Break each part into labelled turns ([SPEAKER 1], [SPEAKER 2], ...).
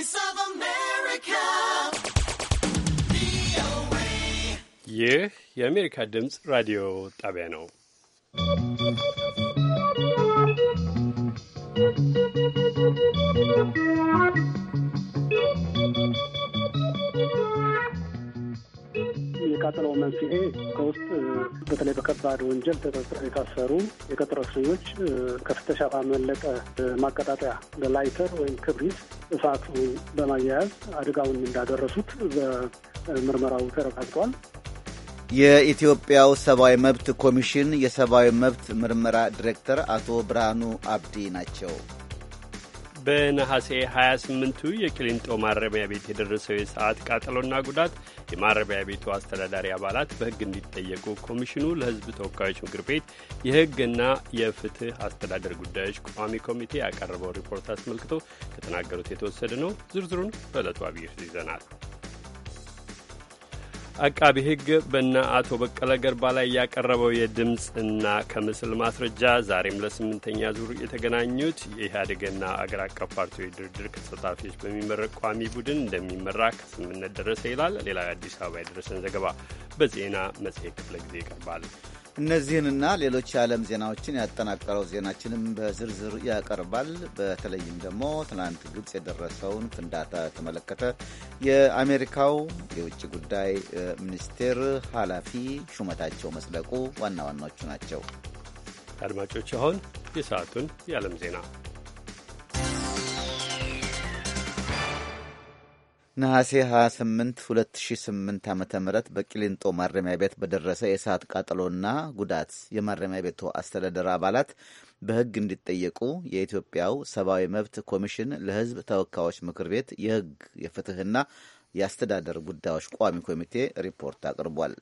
[SPEAKER 1] voice of America.
[SPEAKER 2] VOA. Yeah, yeah, America Dems Radio Tabiano.
[SPEAKER 3] የቃጠለው መንስኤ ከውስጥ በተለይ በከባድ ወንጀል የታሰሩ የቀጠሮ እስረኞች ከፍተሻ ባመለጠ ማቀጣጠያ በላይተር ወይም ክብሪት እሳቱን በማያያዝ አደጋውን እንዳደረሱት በምርመራው ተረጋግጧል።
[SPEAKER 4] የኢትዮጵያው ሰብአዊ መብት ኮሚሽን የሰብአዊ መብት ምርመራ ዲሬክተር አቶ ብርሃኑ አብዲ ናቸው።
[SPEAKER 2] በነሐሴ 28ቱ የቅሊንጦ ማረሚያ ቤት የደረሰው የሰዓት ቃጠሎና ጉዳት የማረሚያ ቤቱ አስተዳዳሪ አባላት በሕግ እንዲጠየቁ ኮሚሽኑ ለሕዝብ ተወካዮች ምክር ቤት የሕግና የፍትህ አስተዳደር ጉዳዮች ቋሚ ኮሚቴ ያቀረበው ሪፖርት አስመልክቶ ከተናገሩት የተወሰደ ነው። ዝርዝሩን በዕለቱ አብይ ይዘናል። አቃቢ ሕግ በእነ አቶ በቀለ ገርባ ላይ ያቀረበው የድምፅ እና ከምስል ማስረጃ ዛሬም ለስምንተኛ ዙር የተገናኙት የኢህአዴግና አገር አቀፍ ፓርቲዎች ድርድር ከተሳታፊዎች በሚመረቅ ቋሚ ቡድን እንደሚመራ ከስምምነት ደረሰ ይላል። ሌላ የአዲስ አበባ የደረሰን ዘገባ በዜና መጽሔት ክፍለ ጊዜ ይቀርባል።
[SPEAKER 4] እነዚህንና ሌሎች የዓለም ዜናዎችን ያጠናቀረው ዜናችንም በዝርዝር ያቀርባል። በተለይም ደግሞ ትናንት ግብፅ የደረሰውን ፍንዳታ የተመለከተ የአሜሪካው የውጭ ጉዳይ ሚኒስቴር ኃላፊ ሹመታቸው መጽደቁ ዋና ዋናዎቹ ናቸው።
[SPEAKER 2] አድማጮች፣ አሁን የሰዓቱን የዓለም ዜና
[SPEAKER 4] ነሐሴ 28 2008 ዓ ም በቂሊንጦ ማረሚያ ቤት በደረሰ የእሳት ቃጠሎና ጉዳት የማረሚያ ቤቱ አስተዳደር አባላት በሕግ እንዲጠየቁ የኢትዮጵያው ሰብአዊ መብት ኮሚሽን ለሕዝብ ተወካዮች ምክር ቤት የሕግ የፍትሕና የአስተዳደር ጉዳዮች ቋሚ ኮሚቴ ሪፖርት አቅርቧል።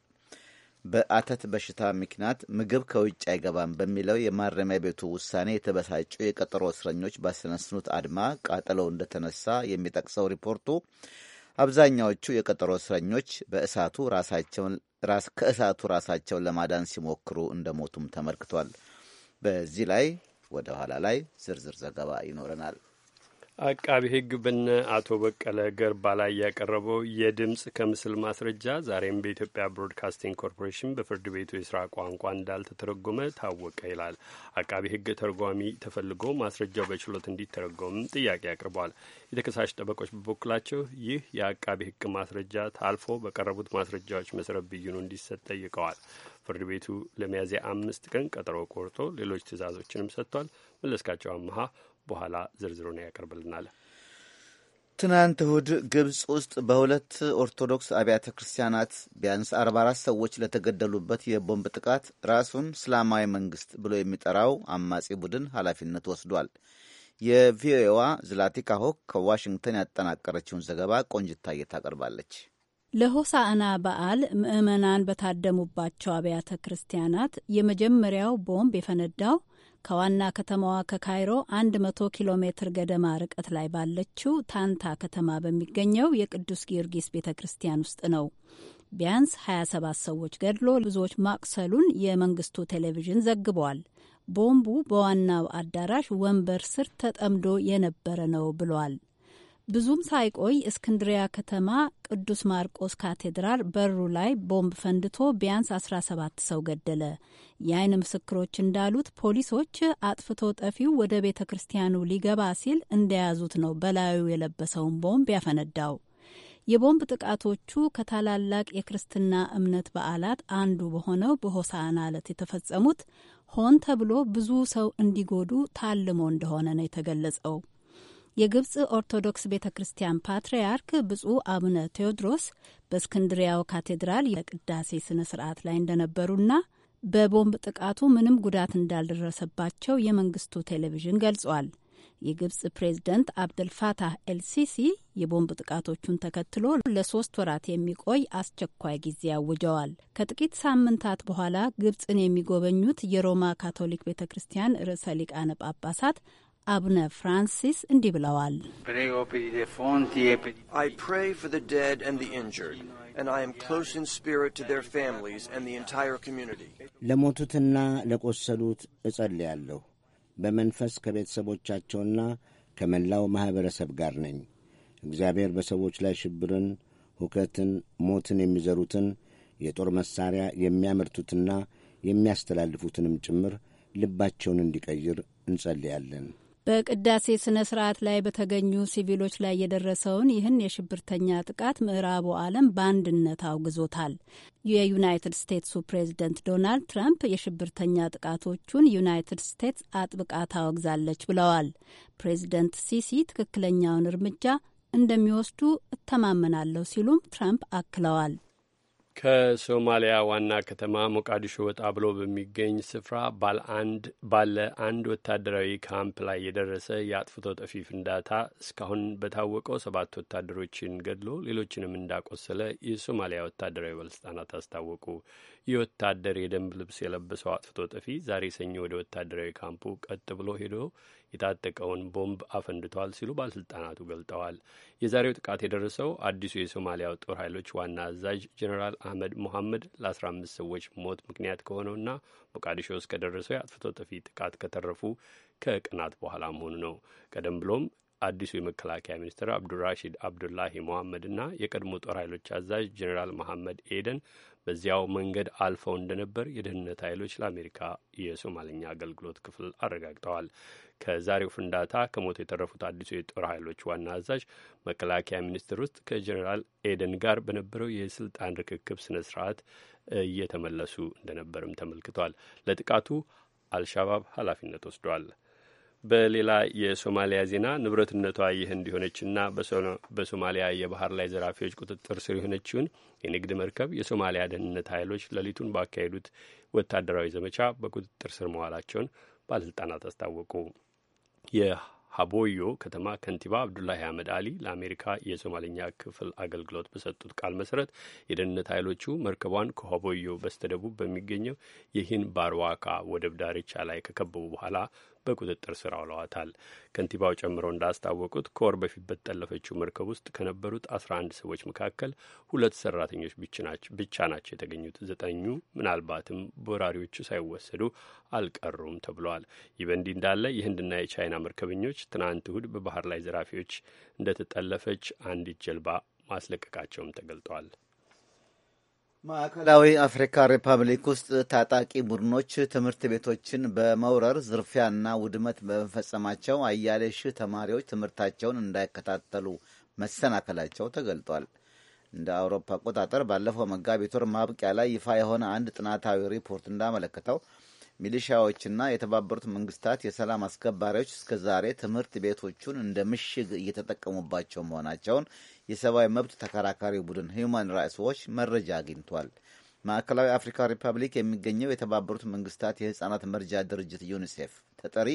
[SPEAKER 4] በአተት በሽታ ምክንያት ምግብ ከውጭ አይገባም በሚለው የማረሚያ ቤቱ ውሳኔ የተበሳጩ የቀጠሮ እስረኞች ባሰነስኑት አድማ ቃጠለው እንደተነሳ የሚጠቅሰው ሪፖርቱ አብዛኛዎቹ የቀጠሮ እስረኞች በእሳቱ ራሳቸውን ከእሳቱ ራሳቸውን ለማዳን ሲሞክሩ እንደሞቱም ተመልክቷል። በዚህ ላይ ወደ ኋላ ላይ ዝርዝር ዘገባ ይኖረናል።
[SPEAKER 2] አቃቢ ሕግ በነ አቶ በቀለ ገርባ ላይ ያቀረበው የድምፅ ከምስል ማስረጃ ዛሬም በኢትዮጵያ ብሮድካስቲንግ ኮርፖሬሽን በፍርድ ቤቱ የስራ ቋንቋ እንዳልተተረጎመ ታወቀ ይላል። አቃቢ ሕግ ተርጓሚ ተፈልጎ ማስረጃው በችሎት እንዲተረጎምም ጥያቄ አቅርቧል። የተከሳሽ ጠበቆች በበኩላቸው ይህ የአቃቢ ሕግ ማስረጃ ታልፎ በቀረቡት ማስረጃዎች መሰረት ብይኑ እንዲሰጥ ጠይቀዋል። ፍርድ ቤቱ ለሚያዝያ አምስት ቀን ቀጠሮ ቆርጦ ሌሎች ትዕዛዞችንም ሰጥቷል። መለስካቸው አመሀ በኋላ ዝርዝሩን ያቀርብልናል።
[SPEAKER 4] ትናንት እሁድ ግብፅ ውስጥ በሁለት ኦርቶዶክስ አብያተ ክርስቲያናት ቢያንስ 44 ሰዎች ለተገደሉበት የቦምብ ጥቃት ራሱን እስላማዊ መንግስት ብሎ የሚጠራው አማጺ ቡድን ኃላፊነት ወስዷል። የቪኦኤዋ ዝላቲካ ሆክ ከዋሽንግተን ያጠናቀረችውን ዘገባ ቆንጅታዬ ታቀርባለች።
[SPEAKER 5] ለሆሳዕና በዓል ምዕመናን በታደሙባቸው አብያተ ክርስቲያናት የመጀመሪያው ቦምብ የፈነዳው ከዋና ከተማዋ ከካይሮ 100 ኪሎ ሜትር ገደማ ርቀት ላይ ባለችው ታንታ ከተማ በሚገኘው የቅዱስ ጊዮርጊስ ቤተ ክርስቲያን ውስጥ ነው። ቢያንስ 27 ሰዎች ገድሎ ብዙዎች ማቁሰሉን የመንግስቱ ቴሌቪዥን ዘግቧል። ቦምቡ በዋናው አዳራሽ ወንበር ስር ተጠምዶ የነበረ ነው ብሏል። ብዙም ሳይቆይ እስክንድሪያ ከተማ ቅዱስ ማርቆስ ካቴድራል በሩ ላይ ቦምብ ፈንድቶ ቢያንስ 17 ሰው ገደለ። የአይን ምስክሮች እንዳሉት ፖሊሶች አጥፍቶ ጠፊው ወደ ቤተ ክርስቲያኑ ሊገባ ሲል እንደያዙት ነው በላዩ የለበሰውን ቦምብ ያፈነዳው። የቦምብ ጥቃቶቹ ከታላላቅ የክርስትና እምነት በዓላት አንዱ በሆነው በሆሳና ዕለት የተፈጸሙት ሆን ተብሎ ብዙ ሰው እንዲጎዱ ታልሞ እንደሆነ ነው የተገለጸው። የግብፅ ኦርቶዶክስ ቤተ ክርስቲያን ፓትርያርክ ብፁዕ አቡነ ቴዎድሮስ በእስክንድሪያው ካቴድራል የቅዳሴ ስነ ስርዓት ላይ እንደነበሩና በቦምብ ጥቃቱ ምንም ጉዳት እንዳልደረሰባቸው የመንግስቱ ቴሌቪዥን ገልጿል። የግብፅ ፕሬዝደንት አብደልፋታህ ኤልሲሲ የቦምብ ጥቃቶቹን ተከትሎ ለሶስት ወራት የሚቆይ አስቸኳይ ጊዜ አውጀዋል። ከጥቂት ሳምንታት በኋላ ግብፅን የሚጎበኙት የሮማ ካቶሊክ ቤተ ክርስቲያን ርዕሰ ሊቃነ ጳጳሳት አቡነ ፍራንሲስ እንዲህ ብለዋል። e
[SPEAKER 6] ለሞቱትና ለቆሰሉት እጸልያለሁ። በመንፈስ ከቤተሰቦቻቸውና ከመላው ማኅበረሰብ ጋር ነኝ። እግዚአብሔር በሰዎች ላይ ሽብርን፣ ሁከትን፣ ሞትን የሚዘሩትን የጦር መሣሪያ የሚያመርቱትና የሚያስተላልፉትንም ጭምር ልባቸውን እንዲቀይር እንጸልያለን።
[SPEAKER 5] በቅዳሴ ስነ ስርዓት ላይ በተገኙ ሲቪሎች ላይ የደረሰውን ይህን የሽብርተኛ ጥቃት ምዕራቡ ዓለም በአንድነት አውግዞታል። የዩናይትድ ስቴትሱ ፕሬዝደንት ዶናልድ ትራምፕ የሽብርተኛ ጥቃቶቹን ዩናይትድ ስቴትስ አጥብቃ ታወግዛለች ብለዋል። ፕሬዝደንት ሲሲ ትክክለኛውን እርምጃ እንደሚወስዱ እተማመናለሁ ሲሉም ትራምፕ አክለዋል።
[SPEAKER 2] ከሶማሊያ ዋና ከተማ ሞቃዲሾ ወጣ ብሎ በሚገኝ ስፍራ ባለ አንድ ወታደራዊ ካምፕ ላይ የደረሰ የአጥፍቶ ጠፊ ፍንዳታ እስካሁን በታወቀው ሰባት ወታደሮችን ገድሎ ሌሎችንም እንዳቆሰለ የሶማሊያ ወታደራዊ ባለስልጣናት አስታወቁ። የወታደር የደንብ ልብስ የለበሰው አጥፍቶ ጠፊ ዛሬ ሰኞ ወደ ወታደራዊ ካምፑ ቀጥ ብሎ ሄዶ የታጠቀውን ቦምብ አፈንድቷል ሲሉ ባለስልጣናቱ ገልጠዋል። የዛሬው ጥቃት የደረሰው አዲሱ የሶማሊያው ጦር ኃይሎች ዋና አዛዥ ጀኔራል አህመድ ሞሐመድ ለ15 ሰዎች ሞት ምክንያት ከሆነውና ሞቃዲሾ ውስጥ ከደረሰው የአጥፍቶ ጠፊ ጥቃት ከተረፉ ከቀናት በኋላ መሆኑ ነው። ቀደም ብሎም አዲሱ የመከላከያ ሚኒስትር አብዱራሺድ አብዱላሂ ሞሐመድና የቀድሞ ጦር ኃይሎች አዛዥ ጀኔራል መሐመድ ኤደን በዚያው መንገድ አልፈው እንደነበር የደህንነት ኃይሎች ለአሜሪካ የሶማልኛ አገልግሎት ክፍል አረጋግጠዋል። ከዛሬው ፍንዳታ ከሞት የተረፉት አዲሱ የጦር ኃይሎች ዋና አዛዥ መከላከያ ሚኒስቴር ውስጥ ከጀኔራል ኤደን ጋር በነበረው የስልጣን ርክክብ ስነ ስርዓት እየተመለሱ እንደነበርም ተመልክቷል። ለጥቃቱ አልሻባብ ኃላፊነት ወስዷል። በሌላ የሶማሊያ ዜና ንብረትነቷ የህንድ የሆነችና በሶማሊያ የባህር ላይ ዘራፊዎች ቁጥጥር ስር የሆነችውን የንግድ መርከብ የሶማሊያ ደህንነት ኃይሎች ሌሊቱን ባካሄዱት ወታደራዊ ዘመቻ በቁጥጥር ስር መዋላቸውን ባለሥልጣናት አስታወቁ። የሀቦዮ ከተማ ከንቲባ አብዱላሂ አህመድ አሊ ለአሜሪካ የሶማልኛ ክፍል አገልግሎት በሰጡት ቃል መሰረት የደህንነት ኃይሎቹ መርከቧን ከሀቦዮ በስተደቡብ በሚገኘው የሂን ባርዋካ ወደብ ዳርቻ ላይ ከከበቡ በኋላ በቁጥጥር ስር አውለዋታል። ከንቲባው ጨምረው እንዳስታወቁት ከወር በፊት በተጠለፈችው መርከብ ውስጥ ከነበሩት 11 ሰዎች መካከል ሁለት ሰራተኞች ብቻ ናቸው የተገኙት። ዘጠኙ ምናልባትም በወራሪዎቹ ሳይወሰዱ አልቀሩም ተብሏል። ይህ በእንዲህ እንዳለ የህንድና የቻይና መርከበኞች ትናንት እሁድ በባህር ላይ ዘራፊዎች እንደተጠለፈች አንዲት ጀልባ ማስለቀቃቸውም ተገልጧል።
[SPEAKER 4] ማዕከላዊ አፍሪካ ሪፐብሊክ ውስጥ ታጣቂ ቡድኖች ትምህርት ቤቶችን በመውረር ዝርፊያና ውድመት በመፈጸማቸው አያሌ ሺህ ተማሪዎች ትምህርታቸውን እንዳይከታተሉ መሰናከላቸው ተገልጧል። እንደ አውሮፓ አቆጣጠር ባለፈው መጋቢት ወር ማብቂያ ላይ ይፋ የሆነ አንድ ጥናታዊ ሪፖርት እንዳመለከተው ሚሊሻዎችና የተባበሩት መንግስታት የሰላም አስከባሪዎች እስከ ዛሬ ትምህርት ቤቶቹን እንደ ምሽግ እየተጠቀሙባቸው መሆናቸውን የሰብአዊ መብት ተከራካሪ ቡድን ሂዩማን ራይትስ ዎች መረጃ አግኝቷል። ማዕከላዊ አፍሪካ ሪፐብሊክ የሚገኘው የተባበሩት መንግስታት የህፃናት መርጃ ድርጅት ዩኒሴፍ ተጠሪ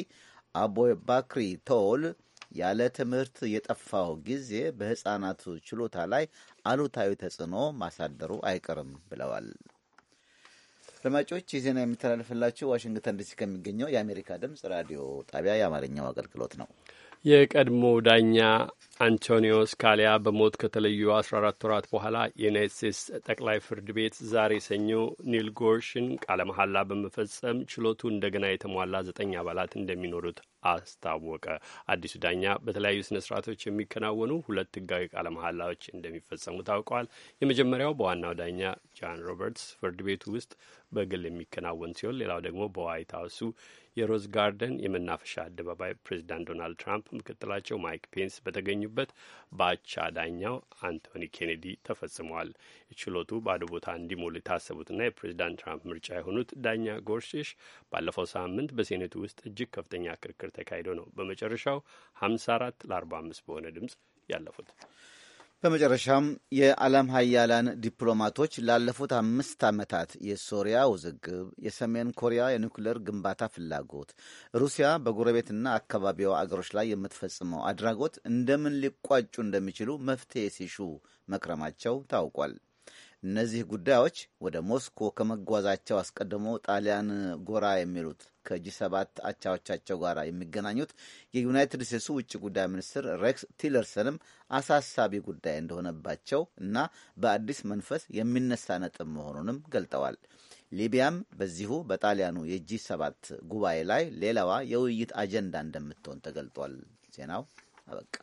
[SPEAKER 4] አቦይ ባክሪ ቶል ያለ ትምህርት የጠፋው ጊዜ በህፃናቱ ችሎታ ላይ አሉታዊ ተጽዕኖ ማሳደሩ አይቀርም ብለዋል። አድማጮች ይህ ዜና የሚተላለፍላችሁ ዋሽንግተን ዲሲ ከሚገኘው የአሜሪካ ድምጽ ራዲዮ ጣቢያ የአማርኛው አገልግሎት ነው።
[SPEAKER 2] የቀድሞ ዳኛ አንቶኒዮ ስካሊያ በሞት ከተለዩ 14 ወራት በኋላ የዩናይት ስቴትስ ጠቅላይ ፍርድ ቤት ዛሬ ሰኞ ኒል ጎርሽን ቃለ መሐላ በመፈጸም ችሎቱ እንደገና የተሟላ ዘጠኝ አባላት እንደሚኖሩት አስታወቀ። አዲሱ ዳኛ በተለያዩ ስነ ስርዓቶች የሚከናወኑ ሁለት ህጋዊ ቃለ መሐላዎች እንደሚፈጸሙ ታውቋል። የመጀመሪያው በዋናው ዳኛ ጃን ሮበርትስ ፍርድ ቤቱ ውስጥ በግል የሚከናወን ሲሆን ሌላው ደግሞ በዋይት ሀውሱ የሮዝ ጋርደን የመናፈሻ አደባባይ ፕሬዚዳንት ዶናልድ ትራምፕ ምክትላቸው ማይክ ፔንስ በተገኙበት በአቻ ዳኛው አንቶኒ ኬኔዲ ተፈጽመዋል። ችሎቱ ባዶ ቦታ እንዲሞሉ የታሰቡትና የፕሬዚዳንት ትራምፕ ምርጫ የሆኑት ዳኛ ጎርሽሽ ባለፈው ሳምንት በሴኔቱ ውስጥ እጅግ ከፍተኛ ክርክር ተካሂዶ ነው በመጨረሻው 54 ለ45 በሆነ ድምፅ ያለፉት።
[SPEAKER 4] በመጨረሻም የዓለም ሀያላን ዲፕሎማቶች ላለፉት አምስት ዓመታት የሶሪያ ውዝግብ፣ የሰሜን ኮሪያ የኒውክሌር ግንባታ ፍላጎት፣ ሩሲያ በጎረቤትና አካባቢዋ አገሮች ላይ የምትፈጽመው አድራጎት እንደምን ሊቋጩ እንደሚችሉ መፍትሄ ሲሹ መክረማቸው ታውቋል። እነዚህ ጉዳዮች ወደ ሞስኮ ከመጓዛቸው አስቀድሞ ጣሊያን ጎራ የሚሉት ከጂ ሰባት አቻዎቻቸው ጋር የሚገናኙት የዩናይትድ ስቴትሱ ውጭ ጉዳይ ሚኒስትር ሬክስ ቲለርሰንም አሳሳቢ ጉዳይ እንደሆነባቸው እና በአዲስ መንፈስ የሚነሳ ነጥብ መሆኑንም ገልጠዋል። ሊቢያም በዚሁ በጣሊያኑ የጂ ሰባት ጉባኤ ላይ ሌላዋ የውይይት አጀንዳ እንደምትሆን ተገልጧል። ዜናው አበቃ።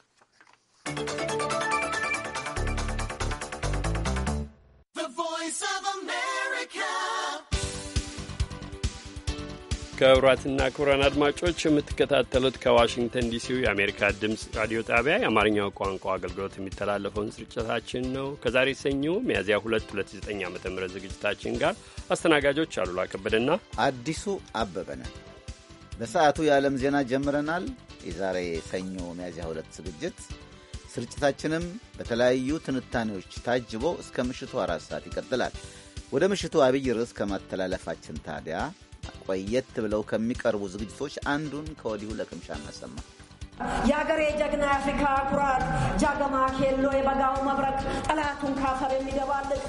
[SPEAKER 2] ክቡራትና ክቡራን አድማጮች የምትከታተሉት ከዋሽንግተን ዲሲው የአሜሪካ ድምፅ ራዲዮ ጣቢያ የአማርኛው ቋንቋ አገልግሎት የሚተላለፈውን ስርጭታችን ነው። ከዛሬ ሰኞ ሚያዝያ 2 2009 ዓ ም ዝግጅታችን ጋር አስተናጋጆች አሉላ ከበደና
[SPEAKER 4] አዲሱ አበበነ በሰዓቱ የዓለም ዜና ጀምረናል። የዛሬ ሰኞ ሚያዝያ 2 ዝግጅት ስርጭታችንም በተለያዩ ትንታኔዎች ታጅቦ እስከ ምሽቱ አራት ሰዓት ይቀጥላል። ወደ ምሽቱ አብይ ርዕስ ከማተላለፋችን ታዲያ ቆየት ብለው ከሚቀርቡ ዝግጅቶች አንዱን ከወዲሁ ለቅምሻ እናሰማ።
[SPEAKER 7] የአገሬ የጀግና የአፍሪካ ኩራት ጃገማ ኬሎ የበጋው መብረቅ ጠላቱን ካፈር የሚደባልቅ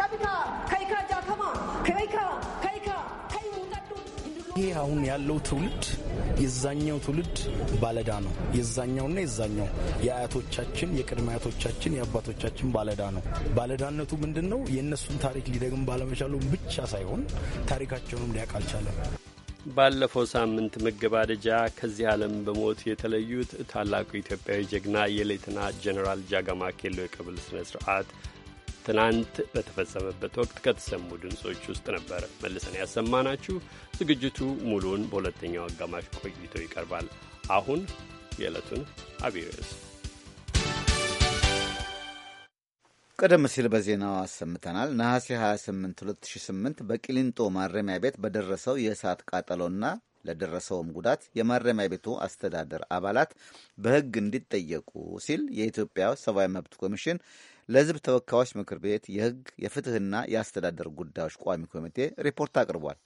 [SPEAKER 7] ቀቢታ ከይካ ጃከማ ከይካ ከይካ
[SPEAKER 8] አሁን ያለው ትውልድ የዛኛው ትውልድ ባለዳ ነው። የዛኛውና የዛኛው የአያቶቻችን፣ የቅድመ አያቶቻችን፣ የአባቶቻችን ባለዳ ነው። ባለዳነቱ ምንድን ነው? የእነሱን ታሪክ ሊደግም ባለመቻሉ ብቻ ሳይሆን ታሪካቸውንም ሊያውቅ አልቻለም።
[SPEAKER 2] ባለፈው ሳምንት መገባደጃ ከዚህ ዓለም በሞት የተለዩት ታላቁ ኢትዮጵያዊ ጀግና የሌተና ጀኔራል ጃጋማ ኬሎ የቀብር ስነ ስርዓት ትናንት በተፈጸመበት ወቅት ከተሰሙ ድምፆች ውስጥ ነበር መልሰን ያሰማናችሁ። ዝግጅቱ ሙሉውን በሁለተኛው አጋማሽ ቆይቶ ይቀርባል። አሁን የዕለቱን አብይ
[SPEAKER 4] ቀደም ሲል በዜናው አሰምተናል። ነሐሴ 28 2008 በቂሊንጦ ማረሚያ ቤት በደረሰው የእሳት ቃጠሎና ለደረሰውም ጉዳት የማረሚያ ቤቱ አስተዳደር አባላት በሕግ እንዲጠየቁ ሲል የኢትዮጵያ ሰብአዊ መብት ኮሚሽን ለሕዝብ ተወካዮች ምክር ቤት የሕግ የፍትሕና የአስተዳደር ጉዳዮች ቋሚ ኮሚቴ ሪፖርት አቅርቧል።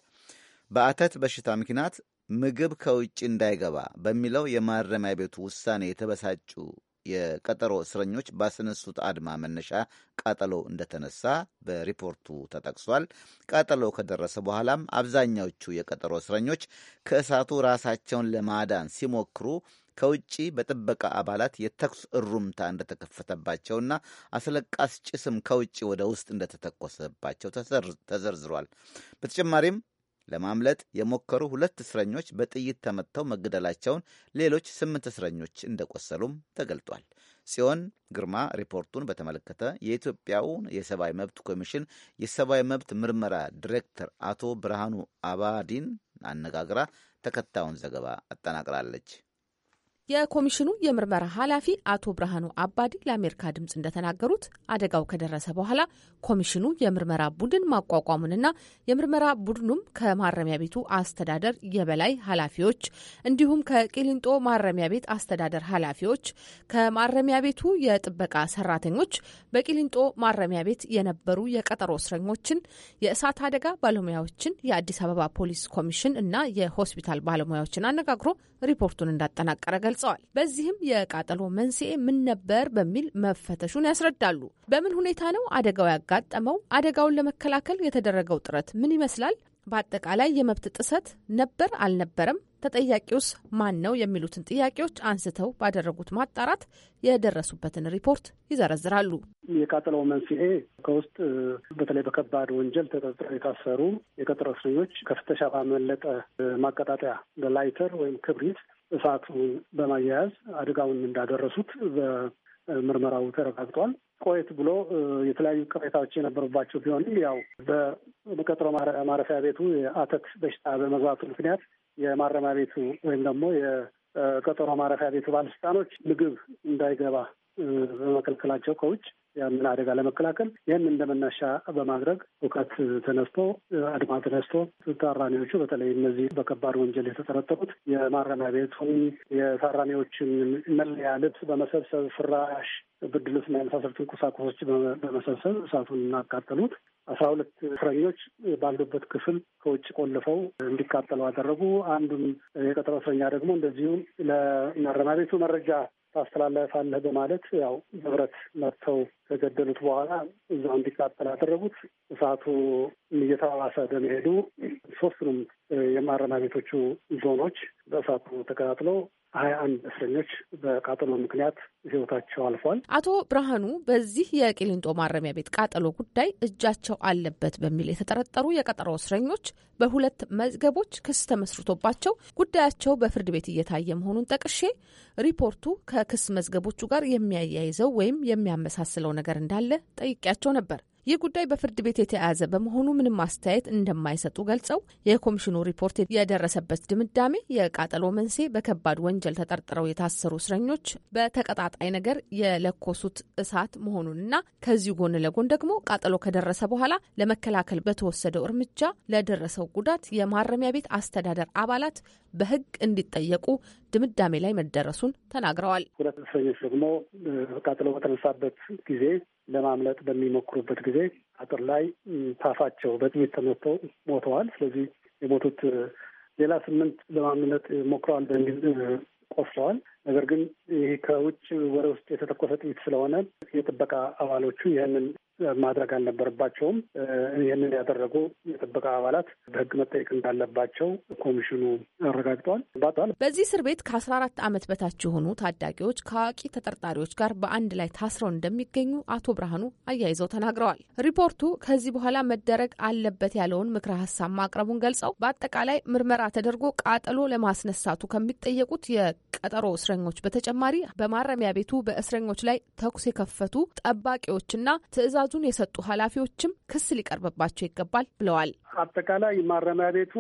[SPEAKER 4] በአተት በሽታ ምክንያት ምግብ ከውጭ እንዳይገባ በሚለው የማረሚያ ቤቱ ውሳኔ የተበሳጩ የቀጠሮ እስረኞች ባስነሱት አድማ መነሻ ቃጠሎ እንደተነሳ በሪፖርቱ ተጠቅሷል። ቃጠሎ ከደረሰ በኋላም አብዛኛዎቹ የቀጠሮ እስረኞች ከእሳቱ ራሳቸውን ለማዳን ሲሞክሩ ከውጭ በጥበቃ አባላት የተኩስ እሩምታ እንደተከፈተባቸውና አስለቃስ ጭስም ከውጭ ወደ ውስጥ እንደተተኮሰባቸው ተዘርዝሯል። በተጨማሪም ለማምለጥ የሞከሩ ሁለት እስረኞች በጥይት ተመትተው መገደላቸውን፣ ሌሎች ስምንት እስረኞች እንደቆሰሉም ተገልጧል። ጽዮን ግርማ ሪፖርቱን በተመለከተ የኢትዮጵያውን የሰብአዊ መብት ኮሚሽን የሰብአዊ መብት ምርመራ ዲሬክተር አቶ ብርሃኑ አባዲን አነጋግራ ተከታዩን ዘገባ አጠናቅራለች።
[SPEAKER 9] የኮሚሽኑ የምርመራ ኃላፊ አቶ ብርሃኑ አባዲ ለአሜሪካ ድምፅ እንደተናገሩት አደጋው ከደረሰ በኋላ ኮሚሽኑ የምርመራ ቡድን ማቋቋሙንና የምርመራ ቡድኑም ከማረሚያ ቤቱ አስተዳደር የበላይ ኃላፊዎች እንዲሁም ከቂሊንጦ ማረሚያ ቤት አስተዳደር ኃላፊዎች፣ ከማረሚያ ቤቱ የጥበቃ ሰራተኞች፣ በቂሊንጦ ማረሚያ ቤት የነበሩ የቀጠሮ እስረኞችን፣ የእሳት አደጋ ባለሙያዎችን፣ የአዲስ አበባ ፖሊስ ኮሚሽን እና የሆስፒታል ባለሙያዎችን አነጋግሮ ሪፖርቱን እንዳጠናቀረ ገልጸዋል። ገልጸዋል። በዚህም የቃጠሎ መንስኤ ምን ነበር በሚል መፈተሹን ያስረዳሉ። በምን ሁኔታ ነው አደጋው ያጋጠመው? አደጋውን ለመከላከል የተደረገው ጥረት ምን ይመስላል? በአጠቃላይ የመብት ጥሰት ነበር አልነበረም? ተጠያቂውስ ማን ነው? የሚሉትን ጥያቄዎች አንስተው ባደረጉት ማጣራት የደረሱበትን ሪፖርት ይዘረዝራሉ።
[SPEAKER 3] የቃጠለው መንስኤ ከውስጥ በተለይ በከባድ ወንጀል ተጠርጥረው የታሰሩ የቀጠሮ እስረኞች ከፍተሻ ባመለጠ ማቀጣጠያ በላይተር ወይም ክብሪት እሳቱን በማያያዝ አደጋውን እንዳደረሱት በምርመራው ተረጋግጧል። ቆየት ብሎ የተለያዩ ቅሬታዎች የነበሩባቸው ቢሆንም ያው በቀጠሮ ማረፊያ ቤቱ የአተት በሽታ በመግባቱ ምክንያት የማረሚያ ቤቱ ወይም ደግሞ የቀጠሮ ማረፊያ ቤቱ ባለስልጣኖች ምግብ እንዳይገባ በመከልከላቸው ከውጭ ያንን አደጋ ለመከላከል ይህን እንደመነሻ በማድረግ እውቀት ተነስቶ አድማ ተነስቶ ታራሚዎቹ በተለይ እነዚህ በከባድ ወንጀል የተጠረጠሩት የማረሚያ ቤቱን የታራሚዎችን መለያ ልብስ በመሰብሰብ ፍራሽ፣ ብርድ ልብስና የመሳሰሉትን ቁሳቁሶች በመሰብሰብ እሳቱን እናቃጠሉት። አስራ ሁለት እስረኞች ባሉበት ክፍል ከውጭ ቆልፈው እንዲቃጠሉ አደረጉ። አንዱን የቀጠሮ እስረኛ ደግሞ እንደዚሁ ለማረሚያ ቤቱ መረጃ ታስተላለፋለህ በማለት ያው ንብረት መጥተው ከገደሉት በኋላ እዛው እንዲቃጠል አደረጉት። እሳቱ እየተባባሰ በመሄዱ ሶስቱንም የማረሚያ ቤቶቹ ዞኖች በእሳቱ ተቀጣጥለው ሀያ አንድ እስረኞች በቃጠሎ ምክንያት ህይወታቸው አልፏል።
[SPEAKER 9] አቶ ብርሃኑ በዚህ የቂሊንጦ ማረሚያ ቤት ቃጠሎ ጉዳይ እጃቸው አለበት በሚል የተጠረጠሩ የቀጠሮ እስረኞች በሁለት መዝገቦች ክስ ተመስርቶባቸው ጉዳያቸው በፍርድ ቤት እየታየ መሆኑን ጠቅሼ ሪፖርቱ ከክስ መዝገቦቹ ጋር የሚያያይዘው ወይም የሚያመሳስለው ነገር እንዳለ ጠይቄያቸው ነበር። ይህ ጉዳይ በፍርድ ቤት የተያያዘ በመሆኑ ምንም አስተያየት እንደማይሰጡ ገልጸው የኮሚሽኑ ሪፖርት የደረሰበት ድምዳሜ የቃጠሎ መንስኤ በከባድ ወንጀል ተጠርጥረው የታሰሩ እስረኞች በተቀጣጣይ ነገር የለኮሱት እሳት መሆኑንና ከዚሁ ጎን ለጎን ደግሞ ቃጠሎ ከደረሰ በኋላ ለመከላከል በተወሰደው እርምጃ ለደረሰው ጉዳት የማረሚያ ቤት አስተዳደር አባላት በሕግ እንዲጠየቁ ድምዳሜ ላይ መደረሱን ተናግረዋል።
[SPEAKER 3] ሁለት እስረኞች ደግሞ ቃጠሎ በተነሳበት ጊዜ ለማምለጥ በሚሞክሩበት ጊዜ አጥር ላይ ታፋቸው በጥይት ተመተው ሞተዋል። ስለዚህ የሞቱት ሌላ ስምንት ለማምለጥ ሞክረዋል በሚል ቆስለዋል። ነገር ግን ይህ ከውጭ ወደ ውስጥ የተተኮሰ ጥይት ስለሆነ የጥበቃ አባሎቹ ይህንን ማድረግ አልነበረባቸውም። ይህንን ያደረጉ የጥበቃ አባላት በህግ መጠየቅ እንዳለባቸው ኮሚሽኑ አረጋግጠዋል ባጠዋል። በዚህ
[SPEAKER 9] እስር ቤት ከአስራ አራት ዓመት በታች የሆኑ ታዳጊዎች ከአዋቂ ተጠርጣሪዎች ጋር በአንድ ላይ ታስረው እንደሚገኙ አቶ ብርሃኑ አያይዘው ተናግረዋል። ሪፖርቱ ከዚህ በኋላ መደረግ አለበት ያለውን ምክረ ሀሳብ ማቅረቡን ገልጸው በአጠቃላይ ምርመራ ተደርጎ ቃጠሎ ለማስነሳቱ ከሚጠየቁት የቀጠሮ እስረኞች በተጨማሪ በማረሚያ ቤቱ በእስረኞች ላይ ተኩስ የከፈቱ ጠባቂዎችና ትዕዛዙ ትዕዛዙን የሰጡ ኃላፊዎችም ክስ ሊቀርብባቸው ይገባል ብለዋል።
[SPEAKER 3] አጠቃላይ ማረሚያ ቤቱ